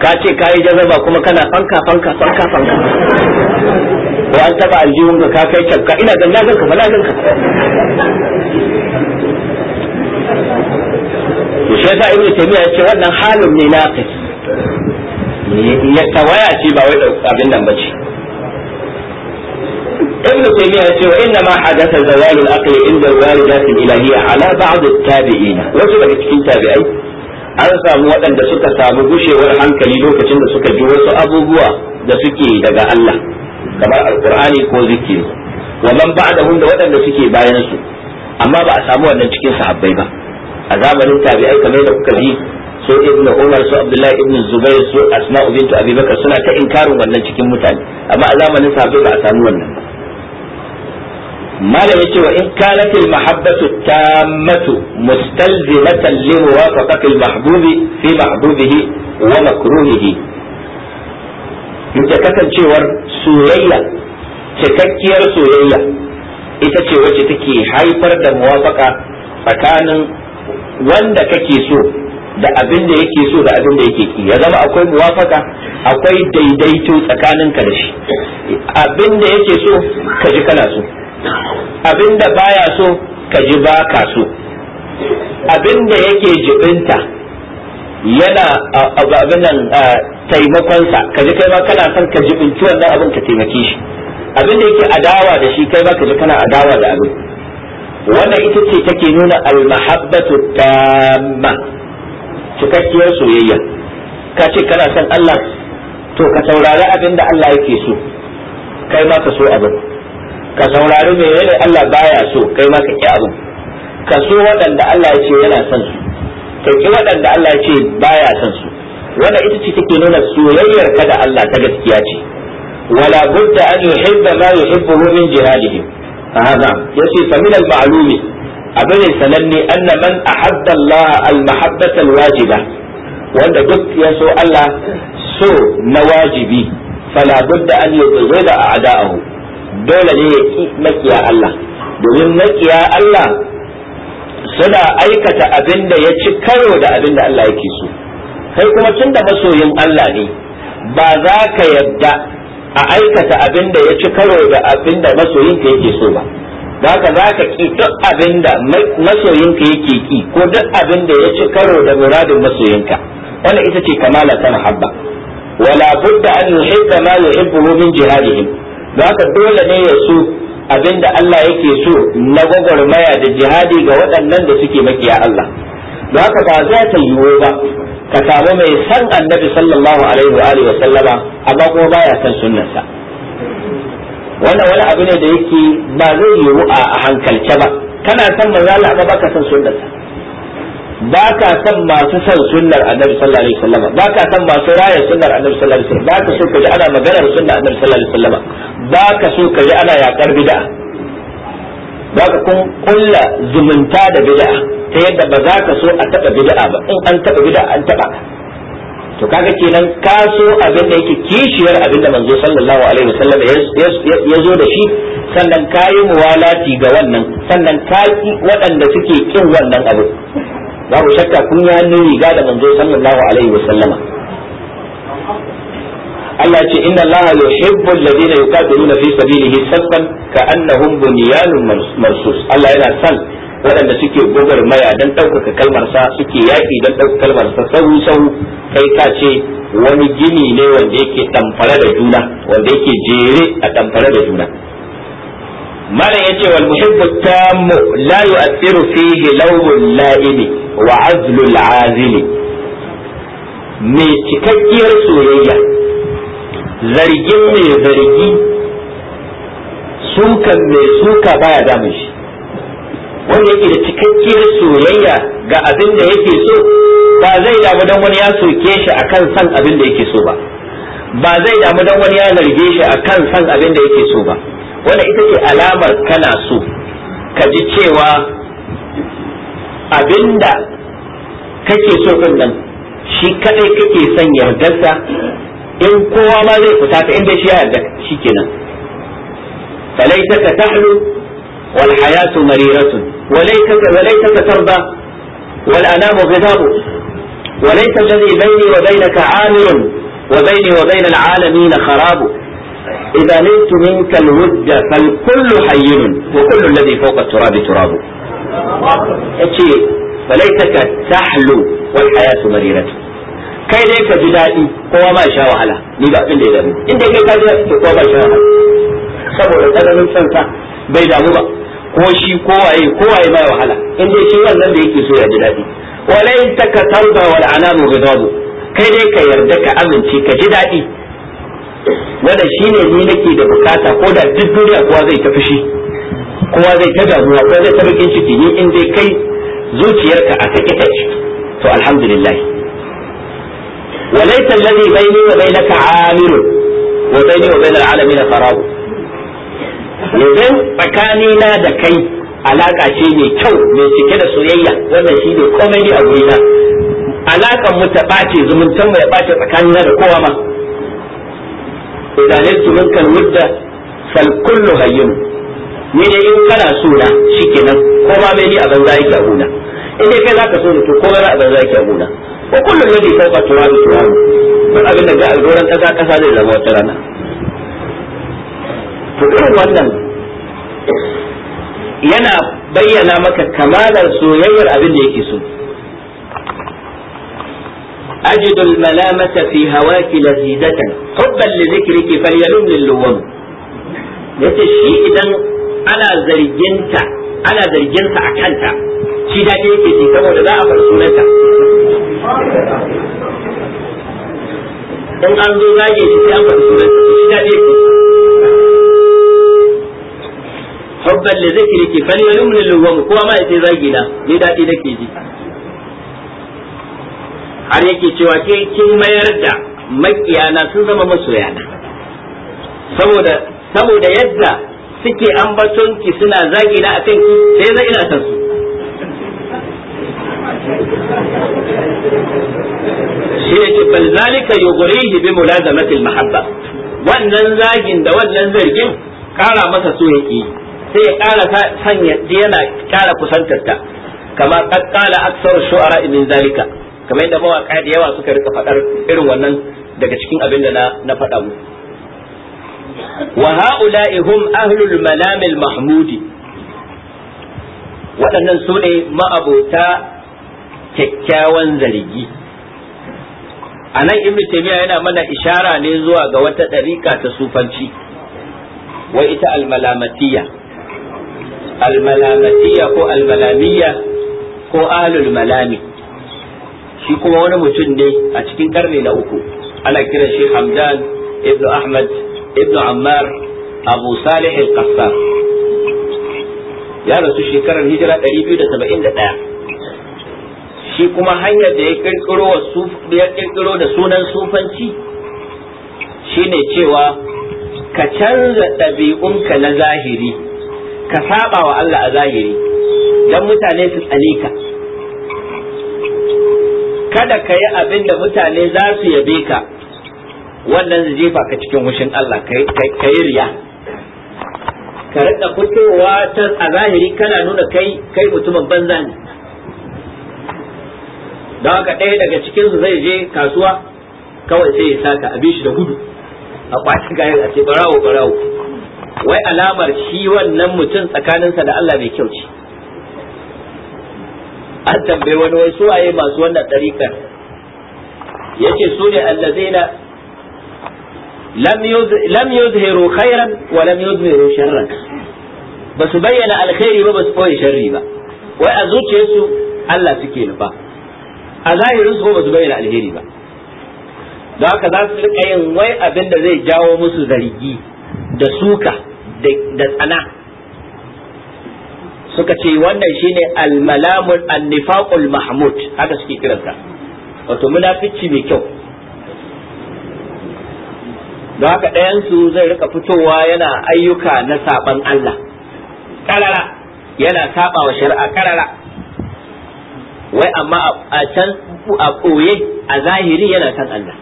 ka ce ka yi jazaba kuma kana fanka fanka fanka fanka ko an taba aljihun ka ka kai cakka ina dan na ganka na ganka to shi yasa ibnu taymiya yace wannan halin ne naqis ya tawaya ce ba wai abin nan ce ابن taymiya ya ce حدث زوال ma عند zawalul aqli inda بعض التابعين ala ba'd at-tabi'in wasu daga cikin tabi'ai an samu waɗanda suka samu gushewar hankali lokacin da suka ji wasu abubuwa da suke daga Allah kamar alqur'ani ko zikiri wa man ba'dahum da waɗanda suke bayan su amma ba a samu wannan cikin sahabbai ba a zamanin tabi'ai kamar da kuka ji so ibn umar su abdullahi ibn zubair so asma'u bintu abi suna ta inkarin wannan cikin mutane amma a zamanin sahabbai ba a samu wannan ba malam ce wa in kanat al mahabbatu tammatu mustalzimatan li muwafaqati al mahbubi fi mahbubihi wa makruhihi yace kasancewar soyayya cikakkiyar soyayya ita ce wacce take haifar da muwafaka tsakanin wanda kake so da abin da yake so da abin da yake ki ya zama akwai muwafaka akwai daidaito tsakaninka da shi abin da yake so ka ji kana so abinda baya so ka ji ba ka so abinda yake jibinta yana abinan taimakonsa ka ji kai ma kana son ka jibinci wannan abin ka taimake shi abinda yake adawa da shi kai ma ka ji kana adawa da abin wannan ita ce take nuna almahabbatu tamma cikakkiyar soyayya ka ce kana son Allah to ka saurari abin da Allah yake so kai ma ka so abin ka saurari menene Allah baya so kai ma ka ki ka so waɗanda Allah ya ce yana son su ka ki waɗanda Allah ya ce baya son su wanda ita ce take nuna soyayyar ka da Allah ta gaskiya ce wala budda an yuhibba ma yuhibbuhu min jihadihi hada yace fa min al-ma'lumi abin sananne anna man ahabba Allah al-mahabbata al-wajiba wanda duk ya so Allah so na wajibi fala budda an yuzila a'da'ahu dole ne ya ki makiya Allah domin makiya Allah suna aikata abin da ya ci karo da abin da Allah yake so kai kuma tun da masoyin Allah ne ba za ka yadda a aikata abin da ya ci karo da abin da masoyinka yake so ba ba ka za ka ki duk abin da masoyinka yake ki ko duk abin da ya ci karo da muradin masoyinka wannan ita ce kamala ta muhabba, wala budda an yuhibba ma yuhibbu min jihadihim da haka dole ne ya so abinda Allah yake so na gwagwarmaya da jihadi ga waɗannan da suke makiya Allah da haka ba za ta yiwu ba ka samu mai san annabi sallallahu alaihi wa alihi wa sallama amma kuma baya san sunnarsa wannan wani abu ne da yake ba zai yiwu a hankalce ba kana san manzo Allah amma baka san sunnarsa ba ka san masu san sunnar annabi sallallahu alaihi wasallam ba ka san masu raya sunnar annabi sallallahu alaihi wasallam ba ka so ka ji ana maganar sunnar annabi sallallahu alaihi wasallam ba ka so ka ji ana yakar bid'a ba ka kun kulla zumunta da bid'a ta yadda ba za ka so a taba bid'a ba in an taba bid'a an taba to kaga kenan ka so abin da yake kishiyar abin da manzo sallallahu alaihi wasallam ya zo da shi sannan ka yi muwalati ga wannan sannan ka ki waɗanda suke kin wannan abu babu shakka kun yi hannun riga da manzo sallallahu alaihi wasallama Allah ce inna Allah yuhibbu alladhina yuqatiluna fi sabilihi saffan ka'annahum bunyanun marsus Allah yana san waɗanda suke gogar maya don ɗaukaka kalmarsa suke yaƙi don ɗaukaka kalmarsa sahu sahu kai ka ce wani gini ne wanda yake ɗamfare da juna wanda yake jere a ɗamfare da juna malam yace wal muhibbu tam la yu'athiru fihi lawl ne wa azlul azili Me cikakkiyar soyayya zargin mai zargi sukan mai suka baya damun shi wanda yake da cikakkiyar soyayya ga abin da yake so ba zai damu dan wani ya soke shi akan san abin da yake so ba ba zai damu dan wani ya zarge shi akan san abin da yake so ba wanda ita ce alamar kana so ka ji cewa abinda kake so din nan shi kadai kake son yardarsa in kowa ma zai fita ta inda shi ya yarda shikenan ka tahlu wal hayatu mariratun walaitaka tarda wal anamu ghidabu وليس الذي بيني wa عامر وبيني وبين العالمين خراب إذا نلت منك الود فالكل حي وكل الذي فوق التراب تراب yace falaitaka tahlu wal hayatu mariratu kai dai ka ji daɗi kowa ba sha wahala ni ba abin da ya damu inda kai ka ji daɗi ba sha wahala saboda tsananin son sa bai damu ba ko shi kowaye kowaye ba wahala in shi wannan da yake so ya ji daɗi walaitaka tarda kai dai ka yarda ka amince ka ji daɗi wanda ne ni nake da bukata ko da duk duniya kowa zai ta fushi kowa zai ta damuwa ko zai ta bakin ciki ni in dai kai zuciyarka a take ta to alhamdulillah وليس الذي بيني وبينك عامل وبيني وبين العالمين فراغ yanzu tsakanina da kai alaka ce mai kyau mai cike da soyayya wannan shi ne komai a gurina alakan mu ta bace zumuntan mu ya bace tsakanina da kowa ma lalaitu minka alwudda fal kullu hayyin ni ne in kana so na shikenan ko ma mai ni a banza yake a gona in dai kai zaka so ni to ko ma a banza yake a gona wa kullu alladhi fawqa turabi turabi duk abin da ga algoran kasa kasa zai zama wata rana to irin wannan yana bayyana maka kamalar soyayyar abin da yake so أجد الملامة في هواك لذيذة حبا لذكرك فليلمني اللوم yace shi idan ana zarginta a kanta shi daɗi yake ji saboda za a bar sunanta in an zo zage sai an bar sunanta shi daɗi yake hubban ma ni har yake cewa ke kin mayar da makiyana sun zama masoyana saboda saboda yadda suke ambaton ki suna zagi na akan ki sai zai ina san su shi ne ke zalika yughrihi bi mulazamati mahabba wannan zagin da wannan zargin kara masa so yake sai ya kara sanya yana kara kusantarta kama qad qala aktsaru shu'ara min zalika kamar yadda mawaka da yawa suka rika faɗar irin wannan daga cikin abin da na faɗa mu wa ha'ula'i hum ahlul malamil mahmudi waɗannan su ne ma'abota kyakkyawan zargi a nan ibn taymiya yana mana ishara ne zuwa ga wata ɗariƙa ta sufanci wai ita almalamatiya almalamatiya ko almalamiya ko ahlul malami shi kuma wani mutum ne a cikin karni na uku ana kiran shi hamdan ibnu ahmad ibnu ammar abu salih al-qassar ya rasu shekarar hijira 271 shi kuma hanyar da ya kirkiro ya kirkiro da sunan sufanci shine cewa ka canza ɗabi'unka na zahiri ka saba wa Allah a zahiri dan mutane su tsane ka kada ka yi abin da mutane za su yabe ka wannan zai jefa ka cikin wushin Allah ka yi riya ka rika fitowa ta a zahiri kana nuna kai kai mutumin banza ne don haka ɗaya daga cikinsu zai je kasuwa kawai sai ya saka a shi da gudu a kwaci kayan a ce barawo barawo wai alamar shi wannan mutum tsakaninsa da Allah mai kyau ce an tambaye wani wai su waye masu wannan ɗariƙar yace su ne allazina lam yuzhiru khairan wa lam yuzhiru sharran ba su bayyana alkhairi ba ba su koyi sharri ba wai a zuciyarsu Allah suke nufa a zahirin su ba su bayyana alheri ba Da haka za su rika yin wai abin da zai jawo musu zargi da suka da tsana suka ce wannan shine al-malamul an-nifaqul mahmud haka suke kiransa wato munafici mai kyau ka haka su zai rika fitowa yana ayyuka na saban Allah karara yana saba wa shari'a karara wai amma a can a ɓoye a zahiri yana san Allah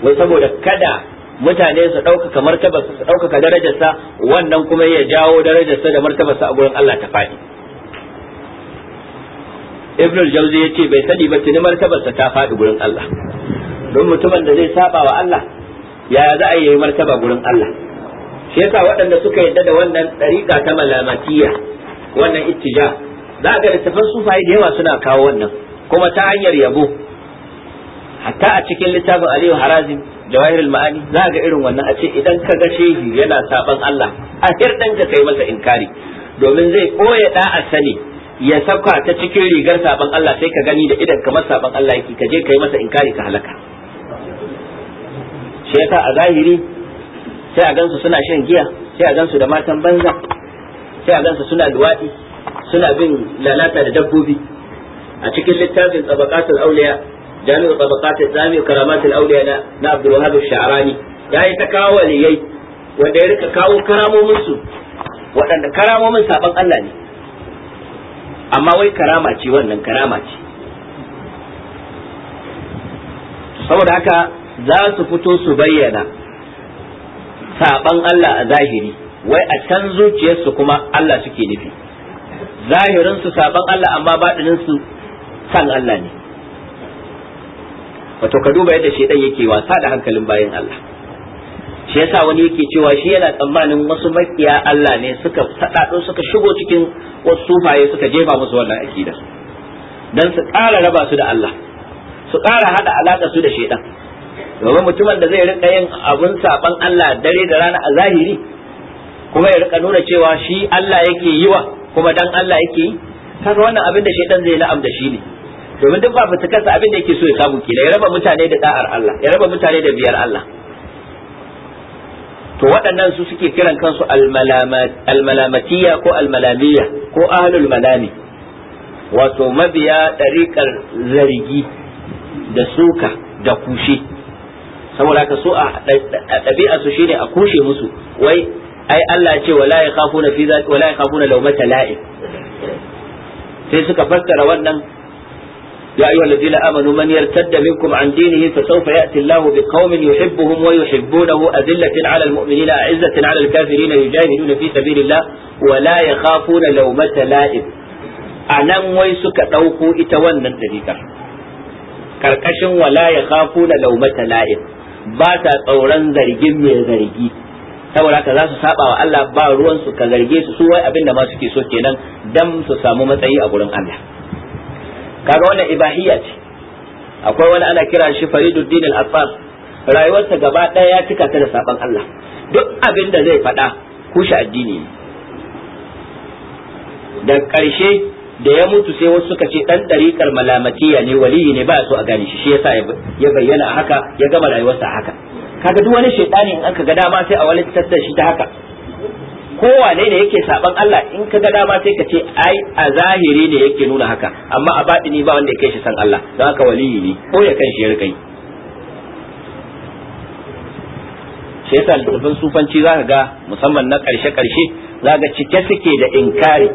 wai saboda kada mutane su ɗaukaka martabarsa su ɗaukaka darajarsa wannan kuma ya jawo darajarsa da martabarsa a gurin Allah ta faɗi ibn al-jawzi yace bai sani ba tuni martabarsa ta faɗi gurin Allah don mutumin da zai saba wa Allah ya za a yi martaba gurin Allah shi yasa waɗanda suka yadda da wannan ɗariƙa ta malamatiya wannan ittija za ga littafan sufaye da yawa suna kawo wannan kuma ta hanyar yabo hatta a cikin littafin Aliyu Harazim jawahirul ma'ani za ga irin wannan a ce idan ka ga shehi yana saban Allah a hirdan ka kai masa inkari domin zai koya a sani ya saka ta cikin rigar saban Allah sai ka gani da idan kamar saban Allah yake ka je kai masa inkari ka halaka shi yasa a zahiri sai a gansu suna shan giya sai a gansu da matan banza sai a gansu suna luwaɗi suna bin lalata da dabbobi a cikin littafin tsabaqatul awliya جامع tabaqat al-islami الأولياء al na Abdul Wahhab al-Sha'rani yayi ta kawo waliyai wanda ya rika kawo karamomin su waɗanda karamomin saban Allah ne amma wai karama ce wannan karama ce saboda haka za fito su bayyana saban Allah a zahiri wai a can zuciyarsu kuma Allah suke nufi zahirinsu saban Allah amma baɗininsu san Allah ne wato ka duba yadda shedan yake wasa da hankalin bayan Allah shi yasa wani yake cewa shi yana tsammanin wasu makiya Allah ne suka sadado suka shigo cikin wasu sufaye suka jefa musu wannan akida dan su ƙara raba su da Allah su ƙara hada alaka su da shedan domin mutumin da zai rika yin abun saban Allah dare da rana a zahiri kuma ya rika nuna cewa shi Allah yake yiwa, kuma dan Allah yake yi kaga wannan abin da shedan zai la'am da shi ne domin duk ba fitikarsa abin da yake so ya samu kila ya raba mutane da da'ar Allah ya raba mutane da biyar Allah to waɗannan su suke kiran kansu almalamatiya ko almalamiya ko ahlul malami wato mabiya ɗariƙar zargi da suka da kushe saboda haka so a ɗabi'a su shine a kushe musu wai ai Allah ce wala ya khafuna fi wala ya la'in sai suka fassara wannan يا أيها الذين آمنوا من يرتد منكم عن دينه فسوف يأتي الله بقوم يحبهم ويحبونه أذلة على المؤمنين أعزة على الكافرين يجاهدون في سبيل الله ولا يخافون لومة لائم anan wai suka ɗauko ita wannan ɗariƙar karkashin wala ya kafu na laumata la'in ba tsauran zargin mai zargi saboda haka za su saba wa Allah ba ruwansu ka zarge su su wai abin da ma suke so kenan dan su samu matsayi a gurin Allah kaga wannan ibahiyya ce akwai wani ana kira shi fariduddin al-affar rayuwarsa gaba ɗaya ya cika ta da saban Allah duk abin da zai faɗa kushe addini ne da ƙarshe da ya mutu sai wasu suka ce ɗan ɗariƙar malamatiya ne waliyi ne ba so a gane shi shi yasa ya bayyana haka ya gama rayuwarsa haka kaga duk wani shaitani in aka ga dama sai a walittar da shi ta haka Ko wane ne yake saban Allah in ka ga dama sai ka ce ai a zahiri ne yake nuna haka amma a batini ba wanda ya kai shi san Allah don haka waliyi ne ko ya kan shi ya rikai shi yasa sufanci zaka ga musamman na karshe karshe zaka cike suke da inkari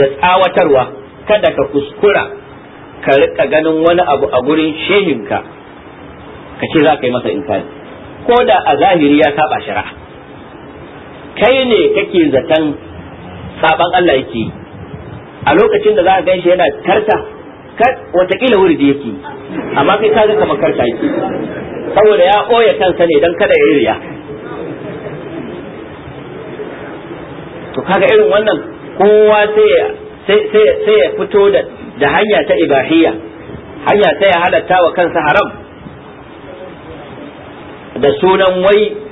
da tsawatarwa kada ka kuskura ka rika ganin wani abu a gurin shehinka ka ce za ka yi masa inkari ko da a zahiri ya saba shari'a kai ne kake zaton saban Allah yake a lokacin da za a ganshi yana karta watakila da yake amma kai ka ga kamar karta yake saboda ya ɓoye kansa ne don kada ya yi riya to kaga irin wannan kowa sai ya fito da hanya ta ibahiyya hanya ta ya halatta wa kansa haram da sunan wai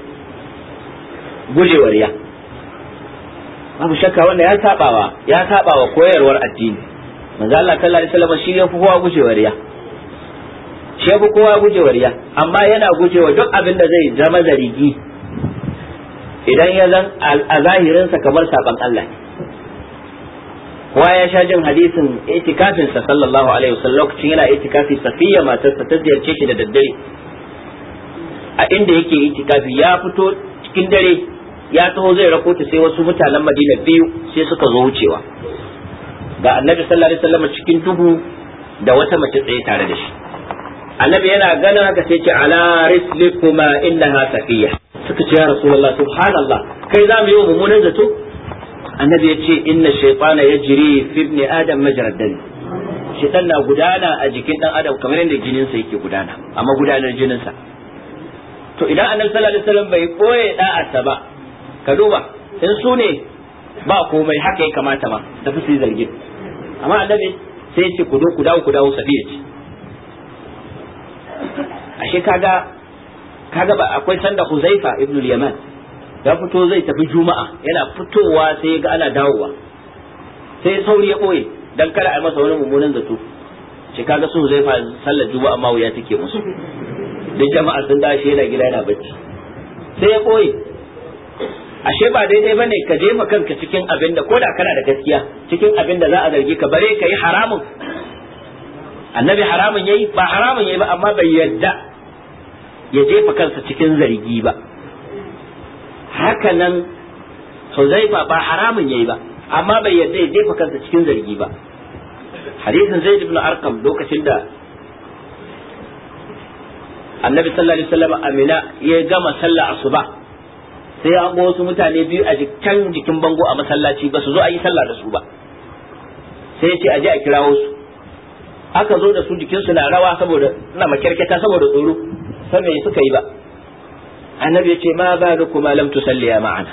gujewa riya babu shakka wanda ya sabawa ya sabawa koyarwar addini manzo Allah sallallahu alaihi wasallam shi ya fi kowa gujewa riya shi ya fi kowa gujewa riya amma yana gujewa duk abin da zai zama zarigi idan ya zan a zahirinsa kamar saban Allah kowa ya sha jin hadisin itikafinsa sallallahu alaihi wasallam lokacin yana itikafi safiya sa ta ziyarce shi da daddare a inda yake itikafi ya fito cikin dare ya taho zai rako ta sai wasu mutanen madina biyu sai suka zo wucewa ga annabi sallallahu alaihi wasallam cikin duhu da wata mace tsaye tare da shi annabi yana gana haka sai ce ala rislikuma innaha safiya suka ce ya rasulullah subhanallah kai za mu yi mummunan zato annabi ya ce inna shaytana yajri fi ibni adam majradan dam shaytan na gudana a jikin dan adam kamar yadda jininsa yake gudana amma gudanar jininsa to idan annabi sallallahu alaihi wasallam bai koye ta ba ka duba in su ne ba komai haka ya kamata ma tafi su yi zargin amma annabi sai ya ce ku dawo ku dawo sabiya ce ashe kaga kaga ba akwai sanda Huzaifa ibn yaman ya fito zai tafi Juma'a yana fitowa sai ga ana dawowa sai sauri ya boye dan kada a masa wani mummunan zato shi kaga su Huzaifa sallar Juma'a ma wuya take musu duk jama'a sun dashi yana gida yana bacci sai ya boye ashe ba daidai bane ka jefa kanka cikin abin da koda kana da gaskiya cikin abin da za a zargi ka bare ka yi haramun annabi haramun yayi ba haramun yayi ba amma bai yadda ya jefa kansa cikin zargi ba haka nan Huzaifa ba haramun yayi ba amma bai yadda ya jefa kansa cikin zargi ba hadisin Zaid ibn Arqam lokacin da annabi sallallahu alaihi wasallam amina ya gama sallar asuba sai ya hango wasu mutane biyu a can jikin bango a masallaci ba su zo a yi sallah da su ba sai ya ce a je a kirawo su aka zo da su su na rawa saboda na makyarketa saboda tsoro sai me suka yi ba annabi ya ce ma kuma lam tusalliya ma'ana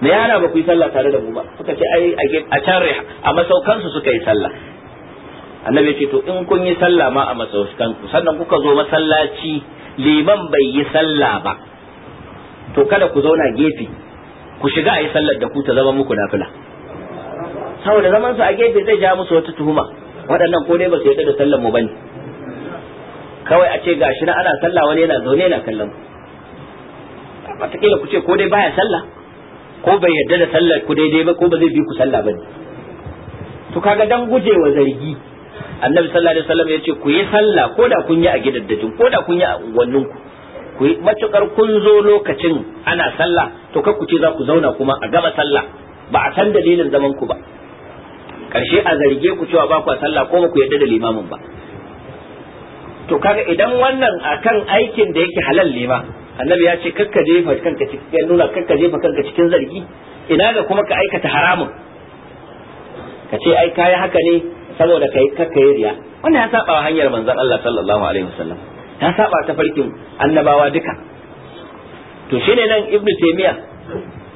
me yana ba ku yi sallah tare da mu ba suka ce ai a can a masaukan su suka yi sallah annabi ce to in kun yi sallah ma a masaukan ku sannan kuka zo masallaci liman bai yi sallah ba to kada ku zauna gefe ku shiga a yi sallar da ku ta zama muku nafila saboda zaman su a gefe zai ja musu wata tuhuma waɗannan ko dai ba su yarda da sallar mu bane kawai a ce gashi na ana sallah wani yana zaune yana kallon wataƙila ku ce ko dai baya sallah ko bai yarda da sallar ku daidai ba ko ba zai bi ku sallah bane to kaga dan gujewa zargi annabi sallallahu alaihi wasallam ya ce ku yi sallah ko da kun yi a gidaddajin ko da kun yi a unguwannin ku ku yi matukar kun zo lokacin ana sallah to kar ku ce za ku zauna kuma a gama sallah ba a san dalilin zaman ku ba karshe a zarge ku cewa ba ku sallah ko ku yarda da limamin ba to kaga idan wannan akan aikin da yake halal ne ma annabi ya ce kakka jefa kanka cikin ya nuna kakka jefa kanka cikin zargi ina da kuma ka aikata haramun ka ce ai kai haka ne saboda kai kakka riya wannan ya saba hanyar manzon Allah sallallahu alaihi wasallam ta saba ta farkin annabawa duka to shine nan ibnu taymiya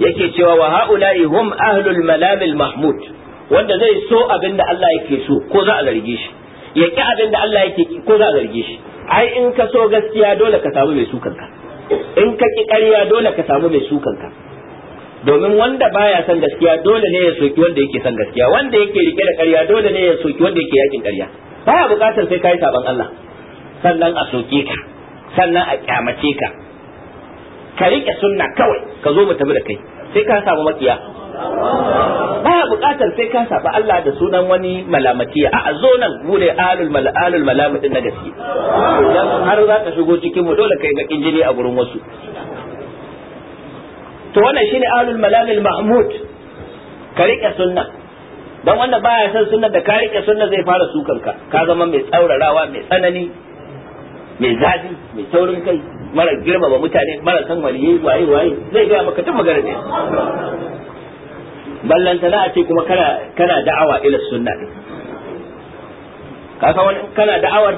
yake cewa wa haula'i hum ahlul malamil mahmud wanda zai so abin da Allah yake so ko za a zarge shi ya ki abin da Allah yake ki ko za a zarge shi ai in ka so gaskiya dole ka samu mai sukanka in ka ki ƙarya dole ka samu mai sukanka domin wanda baya son gaskiya dole ne ya soki wanda yake son gaskiya wanda yake rike da ƙarya dole ne ya soki wanda yake yakin ƙarya baya buƙatar sai kai saban Allah sannan a soke ka sannan a kyamace ka ka rike sunna kawai ka zo mu tafi da kai sai ka samu makiya ba bukatar sai ka saba Allah da sunan wani malamatiya a zo nan mu ne alul malalul malamatin na gaske idan har za ka shigo cikin mu dole kai ga injini a gurin wasu to wannan shine alul malalul mahmud ka rike sunna dan wanda baya son sunna da ka rike sunna zai fara sukan ka ka zama mai tsaurarawa mai tsanani mai zafi mai saurin kai mara ba mutane mara san waliyi waye waye zai gaya maka ta magana ne ballanta na a ce kuma kana kana da'awa ila sunna din kaka wani kana da'awar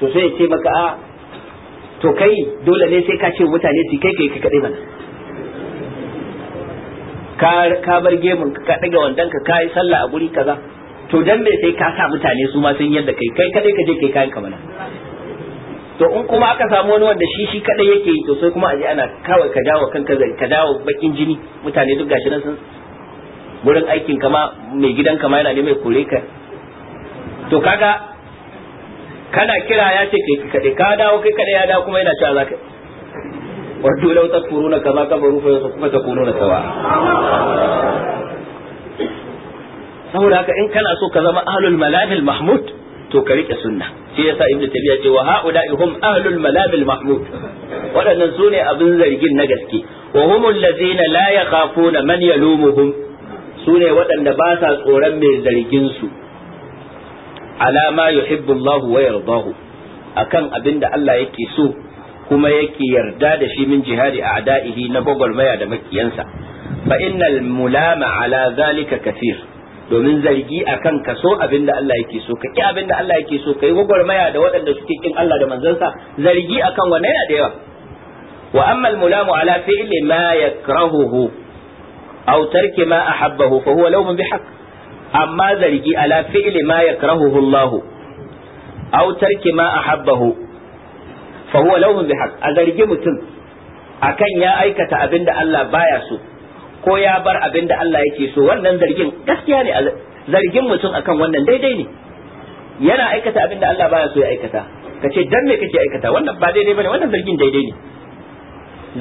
to sai ya ce maka a ah, to kai dole ne sai ka ce mutane su kai kai ka kadai mana ka bar gemun ka daga wandan ka kai sallah a guri kaza to dan me sai ka sa mutane su ma sun yadda kai kai kadai ka je kai kayan ka mana to in kuma aka samu wani wanda shi shi kadai yake yi to sai kuma aje ana kawai ka dawo kanka ka dawo bakin jini mutane duk gashi nan sun gurin aikin kama mai gidan kama yana mai kore ka to kaga kana kira ya ce kai kadai ka dawo kai kadai ya dawo kuma yana cewa zaka wato law takfuruna kama kabaru fa yasfuka takununa sawa saboda haka in kana so ka zama ahlul malahil mahmud to ka rike sunna shi yasa ibnu tabiya ce wa haula'i hum ahlul malamil mahmud waɗannan sune abin zargin na gaske wa humul ladzina la yakhafuna man yalumuhum su ne waɗanda ba sa tsoron mai zargin su alama yuhibbu Allahu wa yardahu akan abin da Allah yake so kuma yake yarda da shi min jihadi a ada'ihi na gwagwarmaya da makiyansa fa innal mulama ala zalika kathir domin zargi akan ka so abin da Allah yake so ka ki abin da Allah yake so ka yi gwagwarmaya da waɗanda suke kin Allah da manzansa zargi a kan yana da yawa wa amma al-mulamu ala fi'li ma yakrahuhu aw tarki ma ahabbahu fa huwa lawmun bihaq amma zargi ala fi'li ma yakrahuhu Allah aw tarki ma ahabbahu fa huwa lawmun bihaq a zargi mutum akan ya aikata abin da Allah baya so ko ya bar abin da Allah yake so wannan zargin gaskiya ne zargin mutum akan wannan daidai ne yana aikata abin da Allah baya so ya aikata kace dan me kake aikata wannan ba daidai bane wannan zargin daidai ne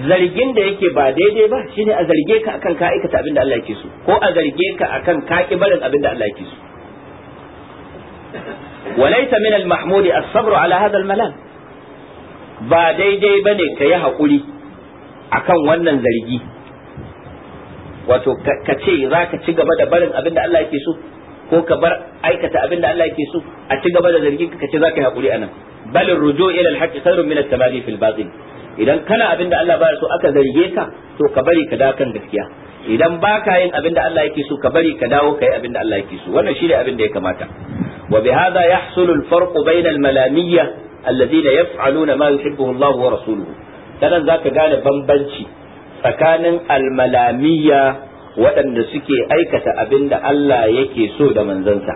zargin da yake ba daidai ba shine a zarge ka akan ka aikata abin da Allah yake so ko a zarge ka akan ka ki barin abin da Allah yake so walaysa min al-mahmudi as-sabr ala hadha ba daidai bane ka yi hakuri akan wannan zargi wato ka ce za ka ci gaba da barin abin da Allah yake so ko ka bar aikata abin da Allah yake so a ci gaba da zargin ka ce za ka yi hakuri anan balin rujo ila alhaqi khairun min at-tamadi fil batil idan kana abin da Allah baya so aka zarge ka to ka bari ka dawo kan gaskiya idan ba ka yin abin da Allah yake so ka bari ka dawo ka yi abin da Allah yake so wannan shine abin da ya kamata wa bi hadha yahsulu al-farq bayna al-malamiyya alladhina yaf'aluna ma yuhibbu Allah wa rasuluhu sanan zaka gane bambanci tsakanin almalamiya waɗanda suke aikata abin da Allah yake so da manzansa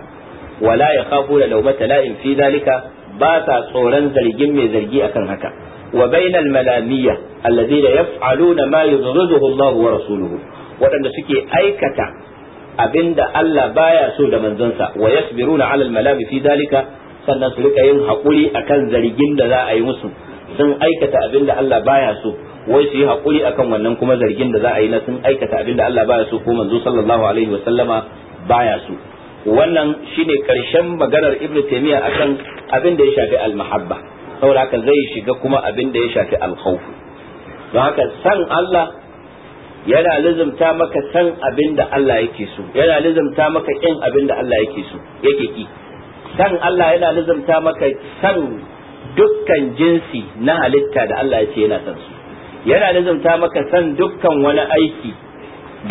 wala ya khafu da laumata la'in fi zalika ba sa tsoron zargin mai zargi akan haka wa bainal malamiya alladhina yaf'aluna ma yuzurruhu Allah wa rasuluhu waɗanda suke aikata abin da Allah baya so da manzansa wa yasbiruna 'ala almalami fi zalika sannan su rika yin haƙuri akan zargin da za a yi musu sun aikata abin da Allah baya so wai su yi hakuri akan wannan kuma zargin da za a yi na sun aikata abin da Allah baya so ko manzo sallallahu alaihi wa sallama baya so wannan shine karshen maganar Ibn Taymiyyah akan abin da ya shafi al-mahabba saboda haka zai shiga kuma abin da ya shafi al-khawf don haka san Allah yana lizumta maka san abin da Allah yake so yana lizumta maka kin abin da Allah yake so yake ki san Allah yana lizumta maka san dukkan jinsi na halitta da Allah ya ce yana son su yana nizumta maka san dukkan wani aiki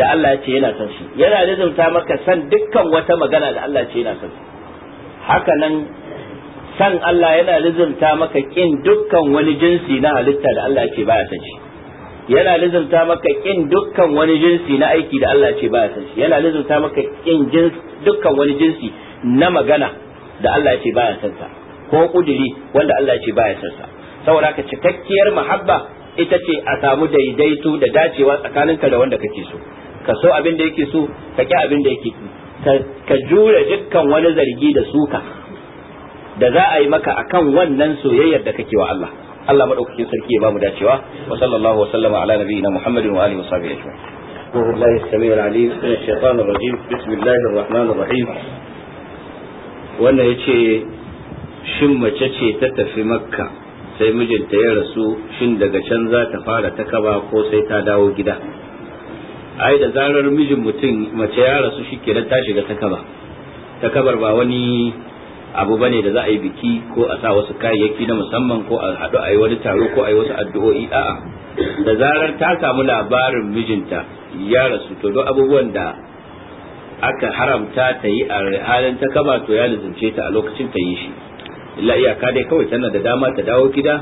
da Allah ya ce yana son shi yana nizumta maka san dukkan wata magana da Allah ya ce yana son su haka nan san Allah yana nizumta maka kin dukkan wani jinsi na halitta da Allah ya ce baya son shi yana lizumta maka kin dukkan wani jinsi na aiki da Allah ce baya san shi yana lizumta maka kin dukkan wani jinsi na magana da Allah ce baya san sa ko kuduri wanda Allah ce baya son sa saboda ka cikakkiyar muhabba ita ce a samu daidaito da dacewa tsakaninka da wanda kake so ka so abin da yake so ka ki abin da yake ka jure dukkan wani zargi da suka da za a yi maka akan wannan soyayyar da kake wa Allah Allah madaukakin sarki ya bamu dacewa wa sallallahu wa sallama ala nabiyina Muhammadin wa alihi wa sahbihi ajma'in أعوذ بالله السميع العليم من الشيطان الرجيم بسم الله الرحمن الرحيم وأنا يتشي shin mace ce ta tafi makka sai mijinta ya rasu shin daga can za ta fara ta kaba ko sai ta dawo gida ai da zarar mijin mutum mace ya rasu shi kenan ta shiga ta kaba ta kabar ba wani abu ba ne da za a yi biki ko a sa wasu kayayyaki na musamman ko a haɗu a yi wani taro ko a yi wasu addu'o'i a'a da zarar ta samu labarin mijinta ya rasu to don abubuwan da aka haramta ta yi a halin ta kaba to ya lizance ta a lokacin ta yi shi illa iyaka dai kawai tana da dama ta dawo gida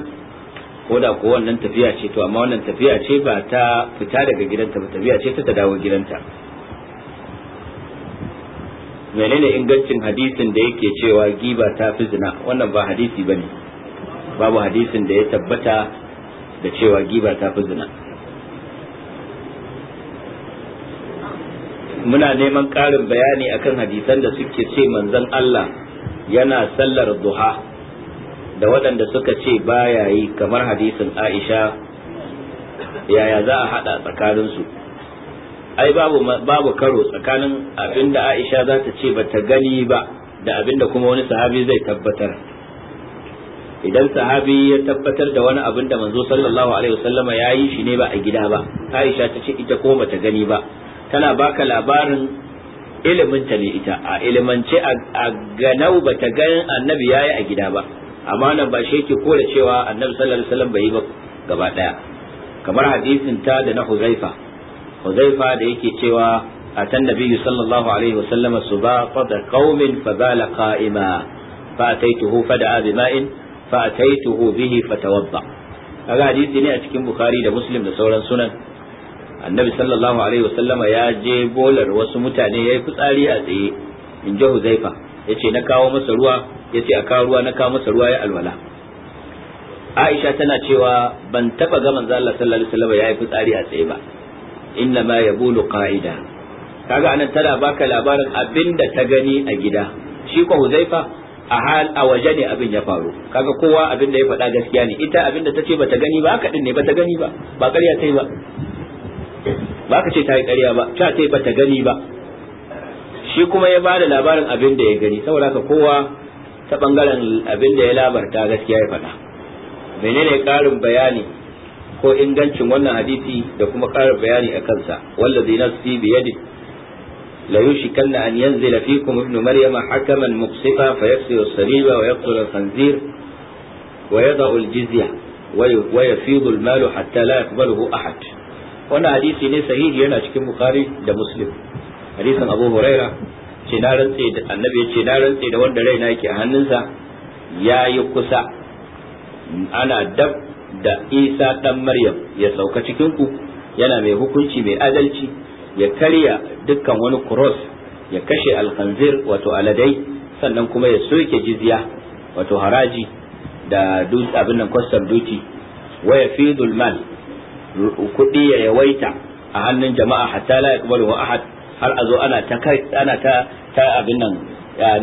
ko da ko wannan tafiya ce to amma wannan tafiya ce ba ta fita daga gidanta ba tafiya ce ta ta dawo gidanta menene ingancin hadisin da yake cewa giba ta fi zina wannan ba hadisi bane babu hadisin da ya tabbata da cewa giba ta fi zina muna neman ƙarin bayani akan hadisan da suke ce manzon Allah yana sallar duha da waɗanda suka ce baya yi kamar hadisin aisha yaya za a haɗa tsakaninsu ai babu karo tsakanin abinda aisha za ta ce bata gani ba da abinda kuma wani sahabi zai tabbatar idan sahabi ya tabbatar da wani abin da manzo sallallahu alaihi wasallama ya yi shi ne ba a gida ba aisha ta ce ita ko bata gani ba tana baka labarin iliminta ne ita a ilimance a ganau ba ta ganin annabi yayi a gida ba amma nan ba shi ko kore cewa annabi sallallahu alaihi wasallam bai yi ba gaba daya kamar hadisin ta da na Huzaifa Huzaifa da yake cewa أتى النبي صلى الله عليه وسلم سباطة قوم فبال قائما فأتيته فدعا بماء فأتيته bihi فتوضأ هذا hadisi ne a cikin Bukhari da Muslim da sauran sunan annabi sallallahu alaihi wasallama ya je bolar wasu mutane yayi fitsari a tsaye in ji huzaifa yace na kawo masa ruwa yace a kawo ruwa na kawo masa ruwa ya alwala Aisha tana cewa ban taba ga manzo Allah sallallahu alaihi wasallama yayi fitsari a tsaye ba inna ma yabulu qa'ida kaga anan tana baka labarin abinda ta gani a gida shi ko huzaifa a hal a waje ne abin ya faru kaga kowa abin da ya faɗa gaskiya ne ita abin da ta ce bata gani ba haka din ne bata gani ba ba ƙarya ta yi ba ba ka ce ta yi ƙarya ba ta ce ba ta gani ba shi kuma ya bada labarin abin da ya gani saboda haka kowa ta bangaren abin da ya labarta gaskiya ya faɗa menene ƙarin bayani ko ingancin wannan hadisi da kuma ƙarin bayani a kansa wallazi nafsi biyadi la yushikanna an yanzila fikum ibnu maryama hakaman muqsita fa yafsiru as-saliba wa yaqtulu al-khanzir wa yada'u al-jizya wa yafidu al-malu hatta la yaqbaluhu ahad wannan hadisi ne sahihi yana cikin bukhari da muslim hadisin abu huraira ce na rantse da annabi ce na rantse da wanda raina yake a hannunsa ya yi kusa ana dab da isa dan maryam ya sauka cikin ku yana mai hukunci mai adalci ya karya dukkan wani cross ya kashe alkhanzir wato aladai sannan kuma ya soke jizya wato haraji da abin nan kwastar duty wa yafidul mal kuɗi ya yawaita a hannun jama'a hatta la yaqbalu ahad har a zo ana ta ana ta ta abin nan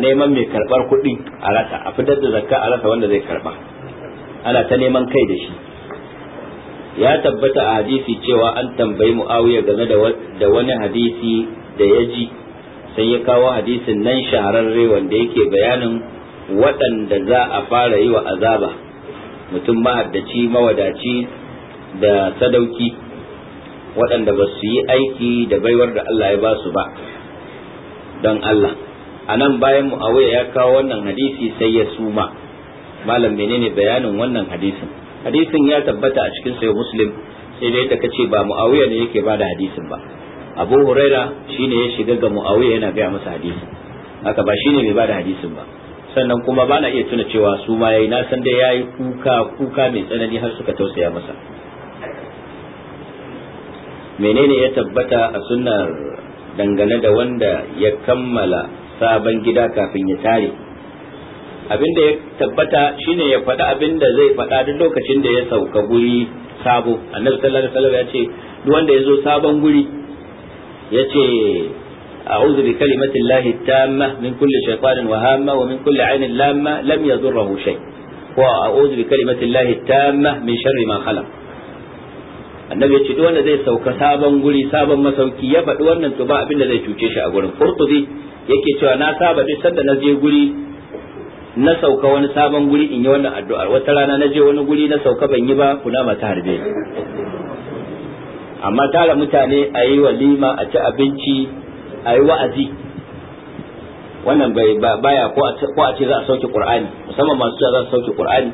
neman mai karbar kuɗi a rasa a fitar da zakka a rasa wanda zai karba ana ta neman kai da shi ya tabbata a hadisi cewa an tambayi muawiya game da wani hadisi da ya ji sai ya kawo hadisin nan shahararre wanda yake bayanin waɗanda za a fara yi wa azaba mutum mahaddaci mawadaci da sadauki waɗanda ba su yi aiki da baiwar da Allah ya ba su ba don Allah a nan bayan mu'awiya ya kawo wannan hadisi sai ya suma malam menene bayanin wannan hadisin hadisin ya tabbata a cikin sayo muslim sai dai da kace ba mu'awiya ne yake ba da hadisin ba abu huraira shine ya shiga ga mu'awiya yana gaya masa hadisin haka ba shine mai ba da hadisin ba sannan kuma ba na iya tuna cewa su ma yayi na san dai yayi kuka kuka mai tsanani har suka tausaya masa menene ya tabbata a sunnar dangane da wanda ya kammala sabon gida kafin ya tare abinda ya tabbata shine ya faɗa abinda zai faɗa duk lokacin da ya sauka guri sabo annabi sallallahu alaihi ya ce duk wanda ya zo sabon guri ya ce أعوذ بكلمة الله التامة من كل شيطان وهامة ومن كل عين لامة لم يضره شيء وأعوذ بكلمة الله التامة من شر ma خلق annabi ya ce duk wanda zai sauka sabon guri sabon masauki ya faɗi wannan to ba abin da zai cuce shi a gurin furtuzi yake cewa na saba duk sanda na je guri na sauka wani sabon guri in yi wannan addu'a wata rana na je wani guri na sauka ban yi ba kuna mata harbe amma tara mutane a yi walima a ci abinci a yi wa'azi wannan bai baya ko a ce za a sauke qur'ani musamman masu za su sauke qur'ani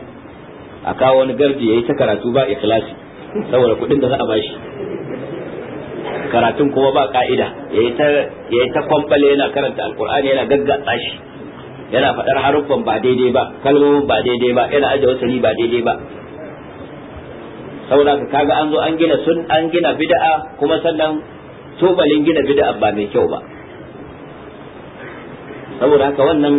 a kawo wani gardi yi ta karatu ba ikhlasi saboda kuɗin da za a bashi karatun kuma ba ka'ida ya yi ta kwamfale yana karanta alkur'ani yana gaggatsa shi yana faɗar haruffan ba daidai ba kalmomin ba daidai ba yana aje wasali ba daidai ba saboda kaga an zo an gina sun an gina bid'a kuma sannan tubalin gina bida'a ba mai kyau ba saboda haka wannan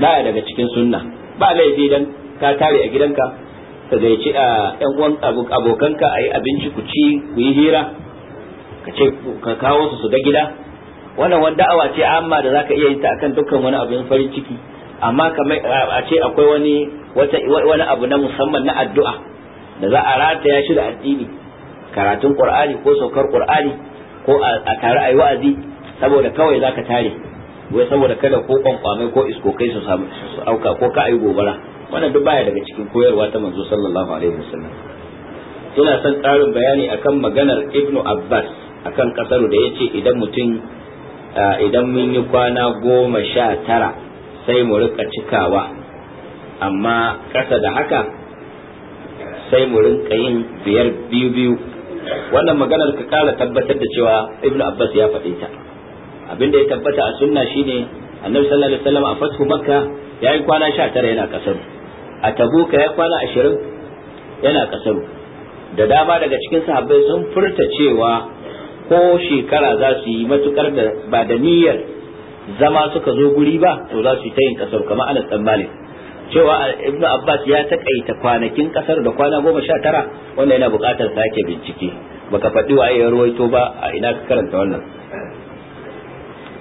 daya daga cikin sunna ba laifi dan ka tare a gidanka ka gaici a yan uwan abokanka a yi abinci ku ci ku yi hira ka ce ka kawo su su ga gida wannan wani da'awa ce amma da zaka iya yi ta akan dukkan wani abin farin ciki amma kamar a ce akwai wani abu na musamman na addu'a da za a rataya shi da addini karatun qur'ani ko saukar qur'ani ko a tare ayi wa'azi saboda kawai zaka tare wai saboda kada ko kwankwamai ko iskokai su auka ko ka ayi gobara wannan duk baya daga cikin koyarwa ta manzo sallallahu alaihi wasallam ina son tsarin bayani akan maganar ibnu abbas akan kasaru da yace idan mutum idan mun yi kwana goma sha tara sai mu rika cikawa amma kasa da haka sai mu rinka yin biyar biyu biyu wannan maganar ka kara tabbatar da cewa ibnu abbas ya faɗi ta abin da ya tabbata a sunna shine annabi sallallahu alaihi wasallam a fathu makka yayi kwana 19 yana kasaru a tabuka ya kwana ashirin yana kasaru da dama daga cikin sahabbai sun furta cewa ko shekara za su yi matukar da ba da niyyar zama suka zo guri ba to za su yi ta yin kasar kamar anas dan cewa Ibn abbas ya takaita kwanakin kasar da kwana goma sha tara wanda yana buƙatar sake bincike baka faɗi wa ya ruwaito ba a ina ka karanta wannan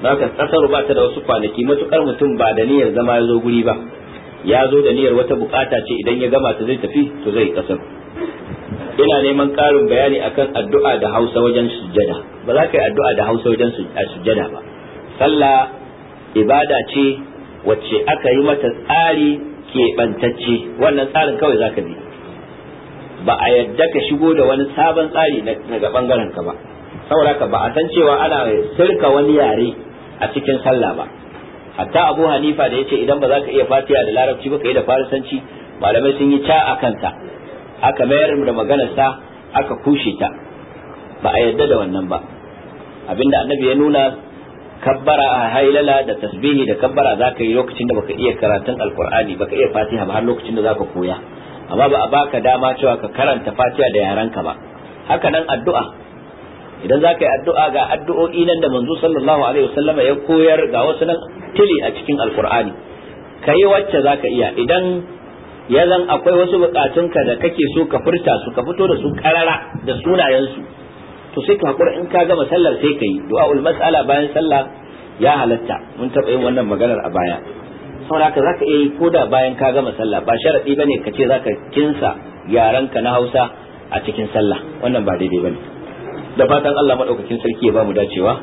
Na kasar ba ta da wasu kwanaki matukar mutum ba da niyyar zama ya zo guri ba ya zo da niyyar wata bukata ce idan ya gama ta zai tafi to zai kasar ina neman karin bayani akan addu'a da Hausa wajen sujjada ba za ka yi addu'a da Hausa wajen sujjada ba sallah ibada ce wacce aka yi mata tsari keɓantacce wannan tsarin kawai za ka bi ba a yadda ka shigo da wani sabon tsari daga bangaren ka ba saboda ka ba a san cewa ana sirka wani yare a cikin sallah ba hatta abu hanifa da yace idan ba za ka iya fatiha da larabci ba ka yi da farisanci malamai sun yi ca a kansa aka mayar da maganarsa aka kushe ta ba a yadda da wannan ba abinda annabi ya nuna kabbara a hailala da tasbihi da kabbara za ka yi lokacin da baka iya karatun alkur'ani baka iya fatiha ba har lokacin da za ka koya amma ba a baka dama cewa ka karanta fatiha da yaranka ba haka nan addu'a idan za ka yi addu'a ga addu'o'i nan da manzo sallallahu alaihi wasallama ya koyar ga wasu nan tili a cikin alkur'ani ka yi wacce za ka iya idan ya zan akwai wasu bukatunka da kake so ka furta su ka fito da su karara da sunayensu to sai ka hakura in ka gama sallar sai ka yi du'a'ul mas'ala bayan sallah ya halatta mun taɓa yin wannan maganar a baya saboda za zaka iya yi koda bayan ka gama sallah ba sharadi bane ka ce za zaka kinsa yaranka na Hausa a cikin sallah wannan ba daidai bane da fatan Allah madaukakin sarki ya bamu dacewa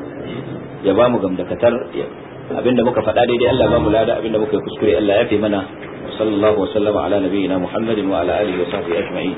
ya bamu gamdakatar abinda muka faɗa daidai Allah bamu lada abinda muka yi kuskure Allah ya fi mana sallallahu wa sallama ala nabiyyina Muhammadin wa ala alihi wa sahbihi ajma'in